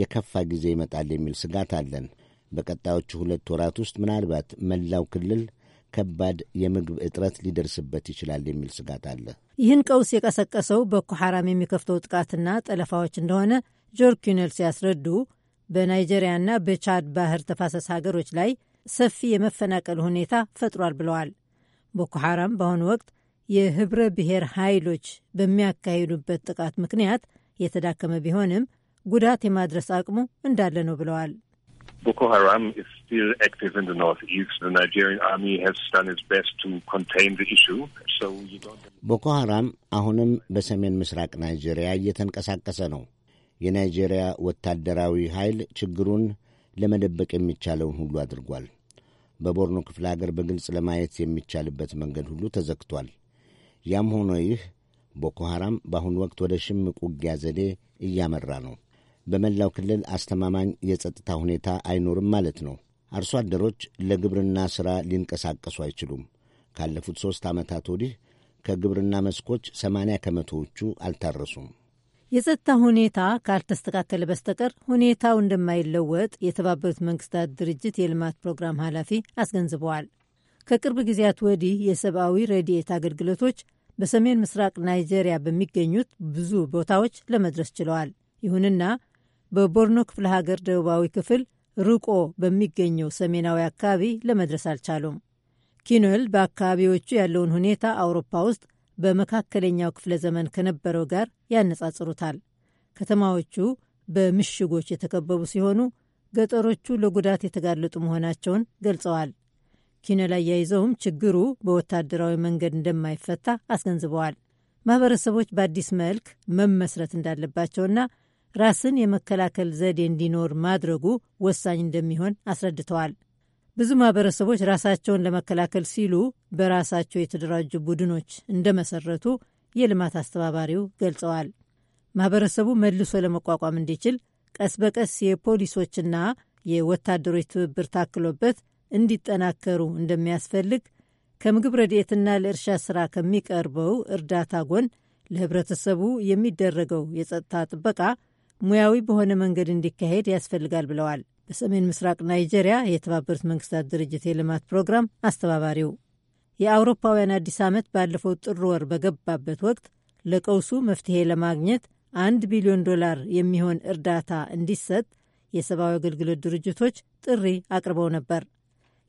[SPEAKER 6] የከፋ ጊዜ ይመጣል የሚል ስጋት አለን። በቀጣዮቹ ሁለት ወራት ውስጥ ምናልባት መላው ክልል ከባድ የምግብ እጥረት ሊደርስበት ይችላል የሚል ስጋት አለ።
[SPEAKER 7] ይህን ቀውስ የቀሰቀሰው ቦኮ ሐራም የሚከፍተው ጥቃትና ጠለፋዎች እንደሆነ ጆርግ ኩነል ሲያስረዱ በናይጄሪያና በቻድ ባህር ተፋሰስ ሀገሮች ላይ ሰፊ የመፈናቀል ሁኔታ ፈጥሯል ብለዋል። ቦኮ ሐራም በአሁኑ ወቅት የህብረ ብሔር ኃይሎች በሚያካሂዱበት ጥቃት ምክንያት የተዳከመ ቢሆንም ጉዳት የማድረስ አቅሙ እንዳለ ነው ብለዋል።
[SPEAKER 6] ቦኮ ሐራም አሁንም በሰሜን ምስራቅ ናይጄሪያ እየተንቀሳቀሰ ነው። የናይጄሪያ ወታደራዊ ኃይል ችግሩን ለመደበቅ የሚቻለውን ሁሉ አድርጓል። በቦርኖ ክፍለ አገር በግልጽ ለማየት የሚቻልበት መንገድ ሁሉ ተዘግቷል። ያም ሆኖ ይህ ቦኮ ሐራም በአሁኑ ወቅት ወደ ሽምቅ ውጊያ ዘዴ እያመራ ነው። በመላው ክልል አስተማማኝ የጸጥታ ሁኔታ አይኖርም ማለት ነው። አርሶ አደሮች ለግብርና ሥራ ሊንቀሳቀሱ አይችሉም። ካለፉት ሦስት ዓመታት ወዲህ ከግብርና መስኮች ሰማንያ ከመቶዎቹ አልታረሱም።
[SPEAKER 7] የጸጥታ ሁኔታ ካልተስተካከለ በስተቀር ሁኔታው እንደማይለወጥ የተባበሩት መንግስታት ድርጅት የልማት ፕሮግራም ኃላፊ አስገንዝበዋል። ከቅርብ ጊዜያት ወዲህ የሰብአዊ ረድኤት አገልግሎቶች በሰሜን ምስራቅ ናይጄሪያ በሚገኙት ብዙ ቦታዎች ለመድረስ ችለዋል። ይሁንና በቦርኖ ክፍለ ሀገር ደቡባዊ ክፍል ርቆ በሚገኘው ሰሜናዊ አካባቢ ለመድረስ አልቻሉም። ኪኖል በአካባቢዎቹ ያለውን ሁኔታ አውሮፓ ውስጥ በመካከለኛው ክፍለ ዘመን ከነበረው ጋር ያነጻጽሩታል። ከተማዎቹ በምሽጎች የተከበቡ ሲሆኑ ገጠሮቹ ለጉዳት የተጋለጡ መሆናቸውን ገልጸዋል። ኪነላ አያይዘውም ችግሩ በወታደራዊ መንገድ እንደማይፈታ አስገንዝበዋል። ማህበረሰቦች በአዲስ መልክ መመስረት እንዳለባቸውና ራስን የመከላከል ዘዴ እንዲኖር ማድረጉ ወሳኝ እንደሚሆን አስረድተዋል። ብዙ ማህበረሰቦች ራሳቸውን ለመከላከል ሲሉ በራሳቸው የተደራጁ ቡድኖች እንደመሰረቱ የልማት አስተባባሪው ገልጸዋል። ማህበረሰቡ መልሶ ለመቋቋም እንዲችል ቀስ በቀስ የፖሊሶችና የወታደሮች ትብብር ታክሎበት እንዲጠናከሩ እንደሚያስፈልግ ከምግብ ረድኤትና ለእርሻ ስራ ከሚቀርበው እርዳታ ጎን ለህብረተሰቡ የሚደረገው የጸጥታ ጥበቃ ሙያዊ በሆነ መንገድ እንዲካሄድ ያስፈልጋል ብለዋል። በሰሜን ምስራቅ ናይጄሪያ የተባበሩት መንግስታት ድርጅት የልማት ፕሮግራም አስተባባሪው። የአውሮፓውያን አዲስ ዓመት ባለፈው ጥር ወር በገባበት ወቅት ለቀውሱ መፍትሄ ለማግኘት አንድ ቢሊዮን ዶላር የሚሆን እርዳታ እንዲሰጥ የሰብአዊ አገልግሎት ድርጅቶች ጥሪ አቅርበው ነበር።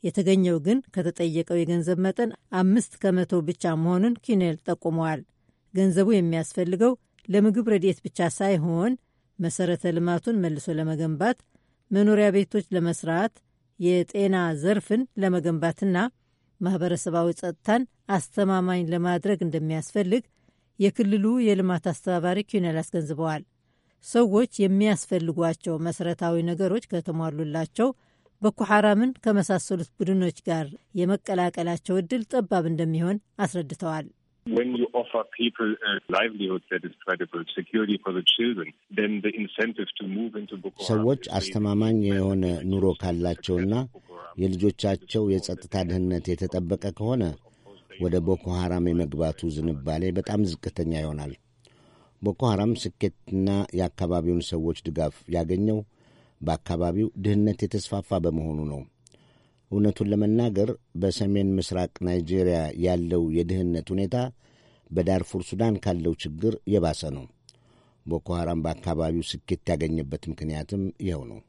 [SPEAKER 7] የተገኘው ግን ከተጠየቀው የገንዘብ መጠን አምስት ከመቶ ብቻ መሆኑን ኪኔል ጠቁመዋል። ገንዘቡ የሚያስፈልገው ለምግብ ረድኤት ብቻ ሳይሆን መሰረተ ልማቱን መልሶ ለመገንባት መኖሪያ ቤቶች ለመስራት፣ የጤና ዘርፍን ለመገንባትና ማኅበረሰባዊ ጸጥታን አስተማማኝ ለማድረግ እንደሚያስፈልግ የክልሉ የልማት አስተባባሪ ኪነል አስገንዝበዋል። ሰዎች የሚያስፈልጓቸው መሠረታዊ ነገሮች ከተሟሉላቸው ቦኮ ሐራምን ከመሳሰሉት ቡድኖች ጋር የመቀላቀላቸው እድል ጠባብ እንደሚሆን አስረድተዋል።
[SPEAKER 14] when you offer people a livelihood that is credible, security for the children, then the incentive to move into Boko
[SPEAKER 6] ሰዎች አስተማማኝ የሆነ ኑሮ ካላቸውና የልጆቻቸው የጸጥታ ደህንነት የተጠበቀ ከሆነ ወደ ቦኮ ሐራም የመግባቱ ዝንባሌ በጣም ዝቅተኛ ይሆናል። ቦኮ ሐራም ስኬትና የአካባቢውን ሰዎች ድጋፍ ያገኘው በአካባቢው ድህነት የተስፋፋ በመሆኑ ነው። እውነቱን ለመናገር በሰሜን ምስራቅ ናይጄሪያ ያለው የድህነት ሁኔታ በዳርፉር ሱዳን ካለው ችግር የባሰ ነው። ቦኮ ሐራም በአካባቢው ስኬት ያገኘበት ምክንያትም ይኸው ነው።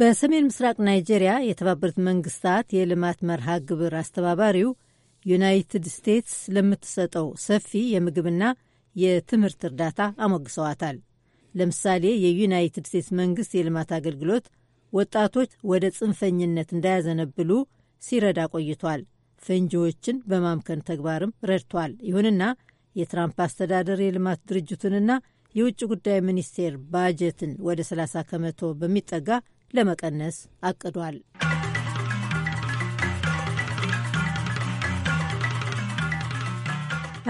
[SPEAKER 7] በሰሜን ምስራቅ ናይጄሪያ የተባበሩት መንግስታት የልማት መርሃ ግብር አስተባባሪው ዩናይትድ ስቴትስ ለምትሰጠው ሰፊ የምግብና የትምህርት እርዳታ አሞግሰዋታል። ለምሳሌ የዩናይትድ ስቴትስ መንግስት የልማት አገልግሎት ወጣቶች ወደ ጽንፈኝነት እንዳያዘነብሉ ሲረዳ ቆይቷል። ፈንጂዎችን በማምከን ተግባርም ረድቷል። ይሁንና የትራምፕ አስተዳደር የልማት ድርጅቱንና የውጭ ጉዳይ ሚኒስቴር ባጀትን ወደ 30 ከመቶ በሚጠጋ ለመቀነስ አቅዷል።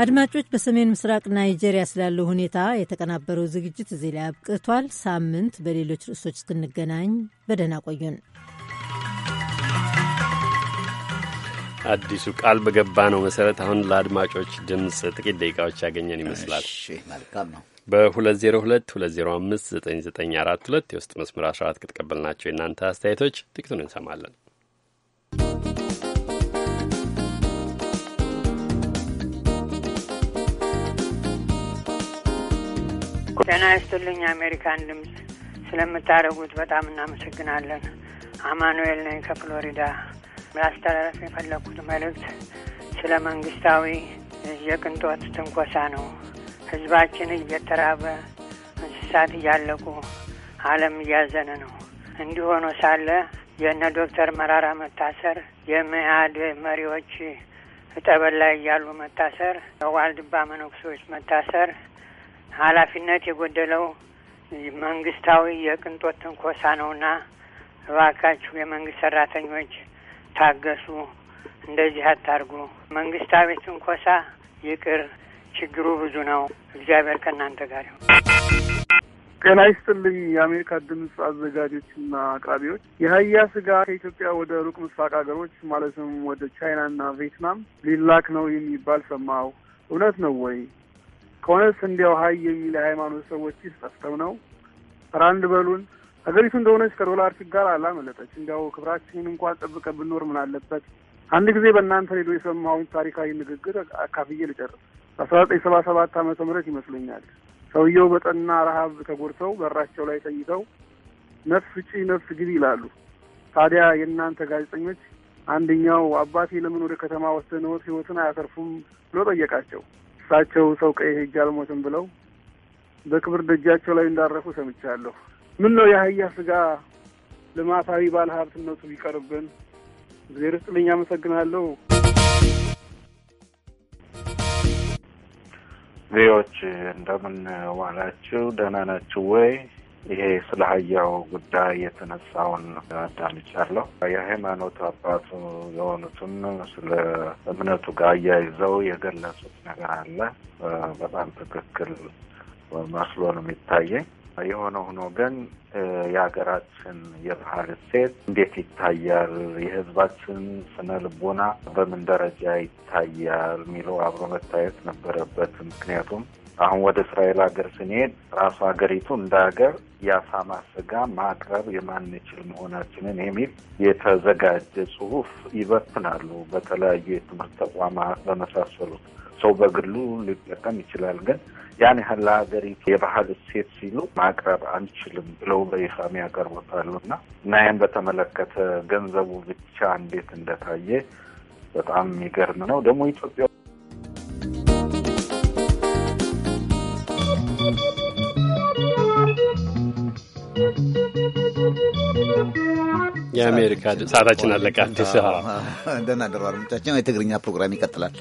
[SPEAKER 7] አድማጮች፣ በሰሜን ምስራቅ ናይጄሪያ ስላለው ሁኔታ የተቀናበረው ዝግጅት እዚህ ላይ አብቅቷል። ሳምንት በሌሎች ርዕሶች እስክንገናኝ በደህና ቆዩን።
[SPEAKER 2] አዲሱ ቃል በገባ ነው መሰረት አሁን ለአድማጮች ድምፅ ጥቂት ደቂቃዎች ያገኘን ይመስላል። መልካም ነው። በ2022059942 የውስጥ መስመር 14 ከተቀበልናቸው የእናንተ አስተያየቶች ጥቂቱን እንሰማለን።
[SPEAKER 7] ጤና ይስጥልኝ። የአሜሪካን ድምፅ ስለምታደርጉት በጣም እናመሰግናለን። አማኑኤል ነኝ ከፍሎሪዳ። ላስተላለፍ የፈለግኩት መልእክት ስለ መንግስታዊ የቅንጦት ትንኮሳ ነው። ህዝባችን እየተራበ እንስሳት እያለቁ ዓለም እያዘነ ነው። እንዲህ ሆኖ ሳለ የእነ ዶክተር መራራ መታሰር የመያድ መሪዎች ጠበል ላይ እያሉ መታሰር፣ የዋልድባ መነኩሴዎች መታሰር ኃላፊነት የጎደለው መንግስታዊ የቅንጦት ትንኮሳ ነውና እባካችሁ የመንግስት ሰራተኞች ታገሱ፣ እንደዚህ አታርጉ። መንግስታዊ ትንኮሳ ይቅር፣ ችግሩ ብዙ ነው። እግዚአብሔር ከእናንተ ጋር ይሁን።
[SPEAKER 3] ጤና ይስጥልኝ። የአሜሪካ ድምፅ አዘጋጆችና አቅራቢዎች የአህያ ስጋ ከኢትዮጵያ ወደ ሩቅ ምስራቅ ሀገሮች ማለትም ወደ ቻይናና ቪየትናም ሊላክ ነው የሚባል ሰማሁ። እውነት ነው ወይ? ከሆነ እንዲያው ሀይ የሚል የሃይማኖት ሰዎች ጠፍተው ነው ራንድ በሉን። ሀገሪቱ እንደሆነች ከዶላር ሲጋር አላመለጠች። እንዲያው ክብራችንን እንኳን ጠብቀ ብኖር ምን አለበት? አንድ ጊዜ በእናንተ ሬዲዮ የሰማሁን ታሪካዊ ንግግር አካፍዬ ልጨርስ። አስራ ዘጠኝ ሰባ ሰባት አመተ ምህረት ይመስለኛል። ሰውየው በጠና ረሀብ ተጎድተው በራቸው ላይ ተኝተው ነፍስ ውጪ ነፍስ ግቢ ይላሉ። ታዲያ የእናንተ ጋዜጠኞች አንደኛው አባቴ ለምን ወደ ከተማ ወስደነዎት ህይወትን አያተርፉም ብሎ ጠየቃቸው። እሳቸው ሰው ቀይ ሄጄ አልሞትም ብለው በክብር ደጃቸው ላይ እንዳረፉ ሰምቻለሁ። ምን ነው የአህያ ስጋ ልማታዊ ባለ ሀብትነቱ ቢቀርብን። እግዜር ይስጥልኝ፣ አመሰግናለሁ።
[SPEAKER 14] ዜዎች እንደምን ዋላችሁ? ደህና ናችሁ ወይ? ይሄ ስለ ጉዳይ የተነሳውን አዳምጫለሁ። የሃይማኖት አባቱ የሆኑትን ስለ እምነቱ ጋር አያይዘው የገለጹት ነገር አለ። በጣም ትክክል መስሎ ነው የሚታየኝ። የሆነ ሆኖ ግን የሀገራችን የባህል እሴት እንዴት ይታያል፣ የህዝባችን ስነ ልቦና በምን ደረጃ ይታያል የሚለው አብሮ መታየት ነበረበት። ምክንያቱም አሁን ወደ እስራኤል ሀገር ስንሄድ ራሱ ሀገሪቱ እንደ ሀገር የአሳማ ስጋ ማቅረብ የማንችል መሆናችንን የሚል የተዘጋጀ ጽሁፍ ይበትናሉ። በተለያዩ የትምህርት ተቋማት በመሳሰሉት ሰው በግሉ ሊጠቀም ይችላል፣ ግን ያን ያህል ለሀገሪቱ የባህል እሴት ሲሉ ማቅረብ አንችልም ብለው በይፋም ያቀርቡታሉ እና እና ይህን በተመለከተ ገንዘቡ ብቻ እንዴት እንደታየ በጣም የሚገርም ነው ደግሞ ኢትዮጵያ
[SPEAKER 4] የአሜሪካ ሰዓታችን አለቀ። አዲስ ደህና ደሩ አድማጮቻችን። የትግርኛ ፕሮግራም ይቀጥላል።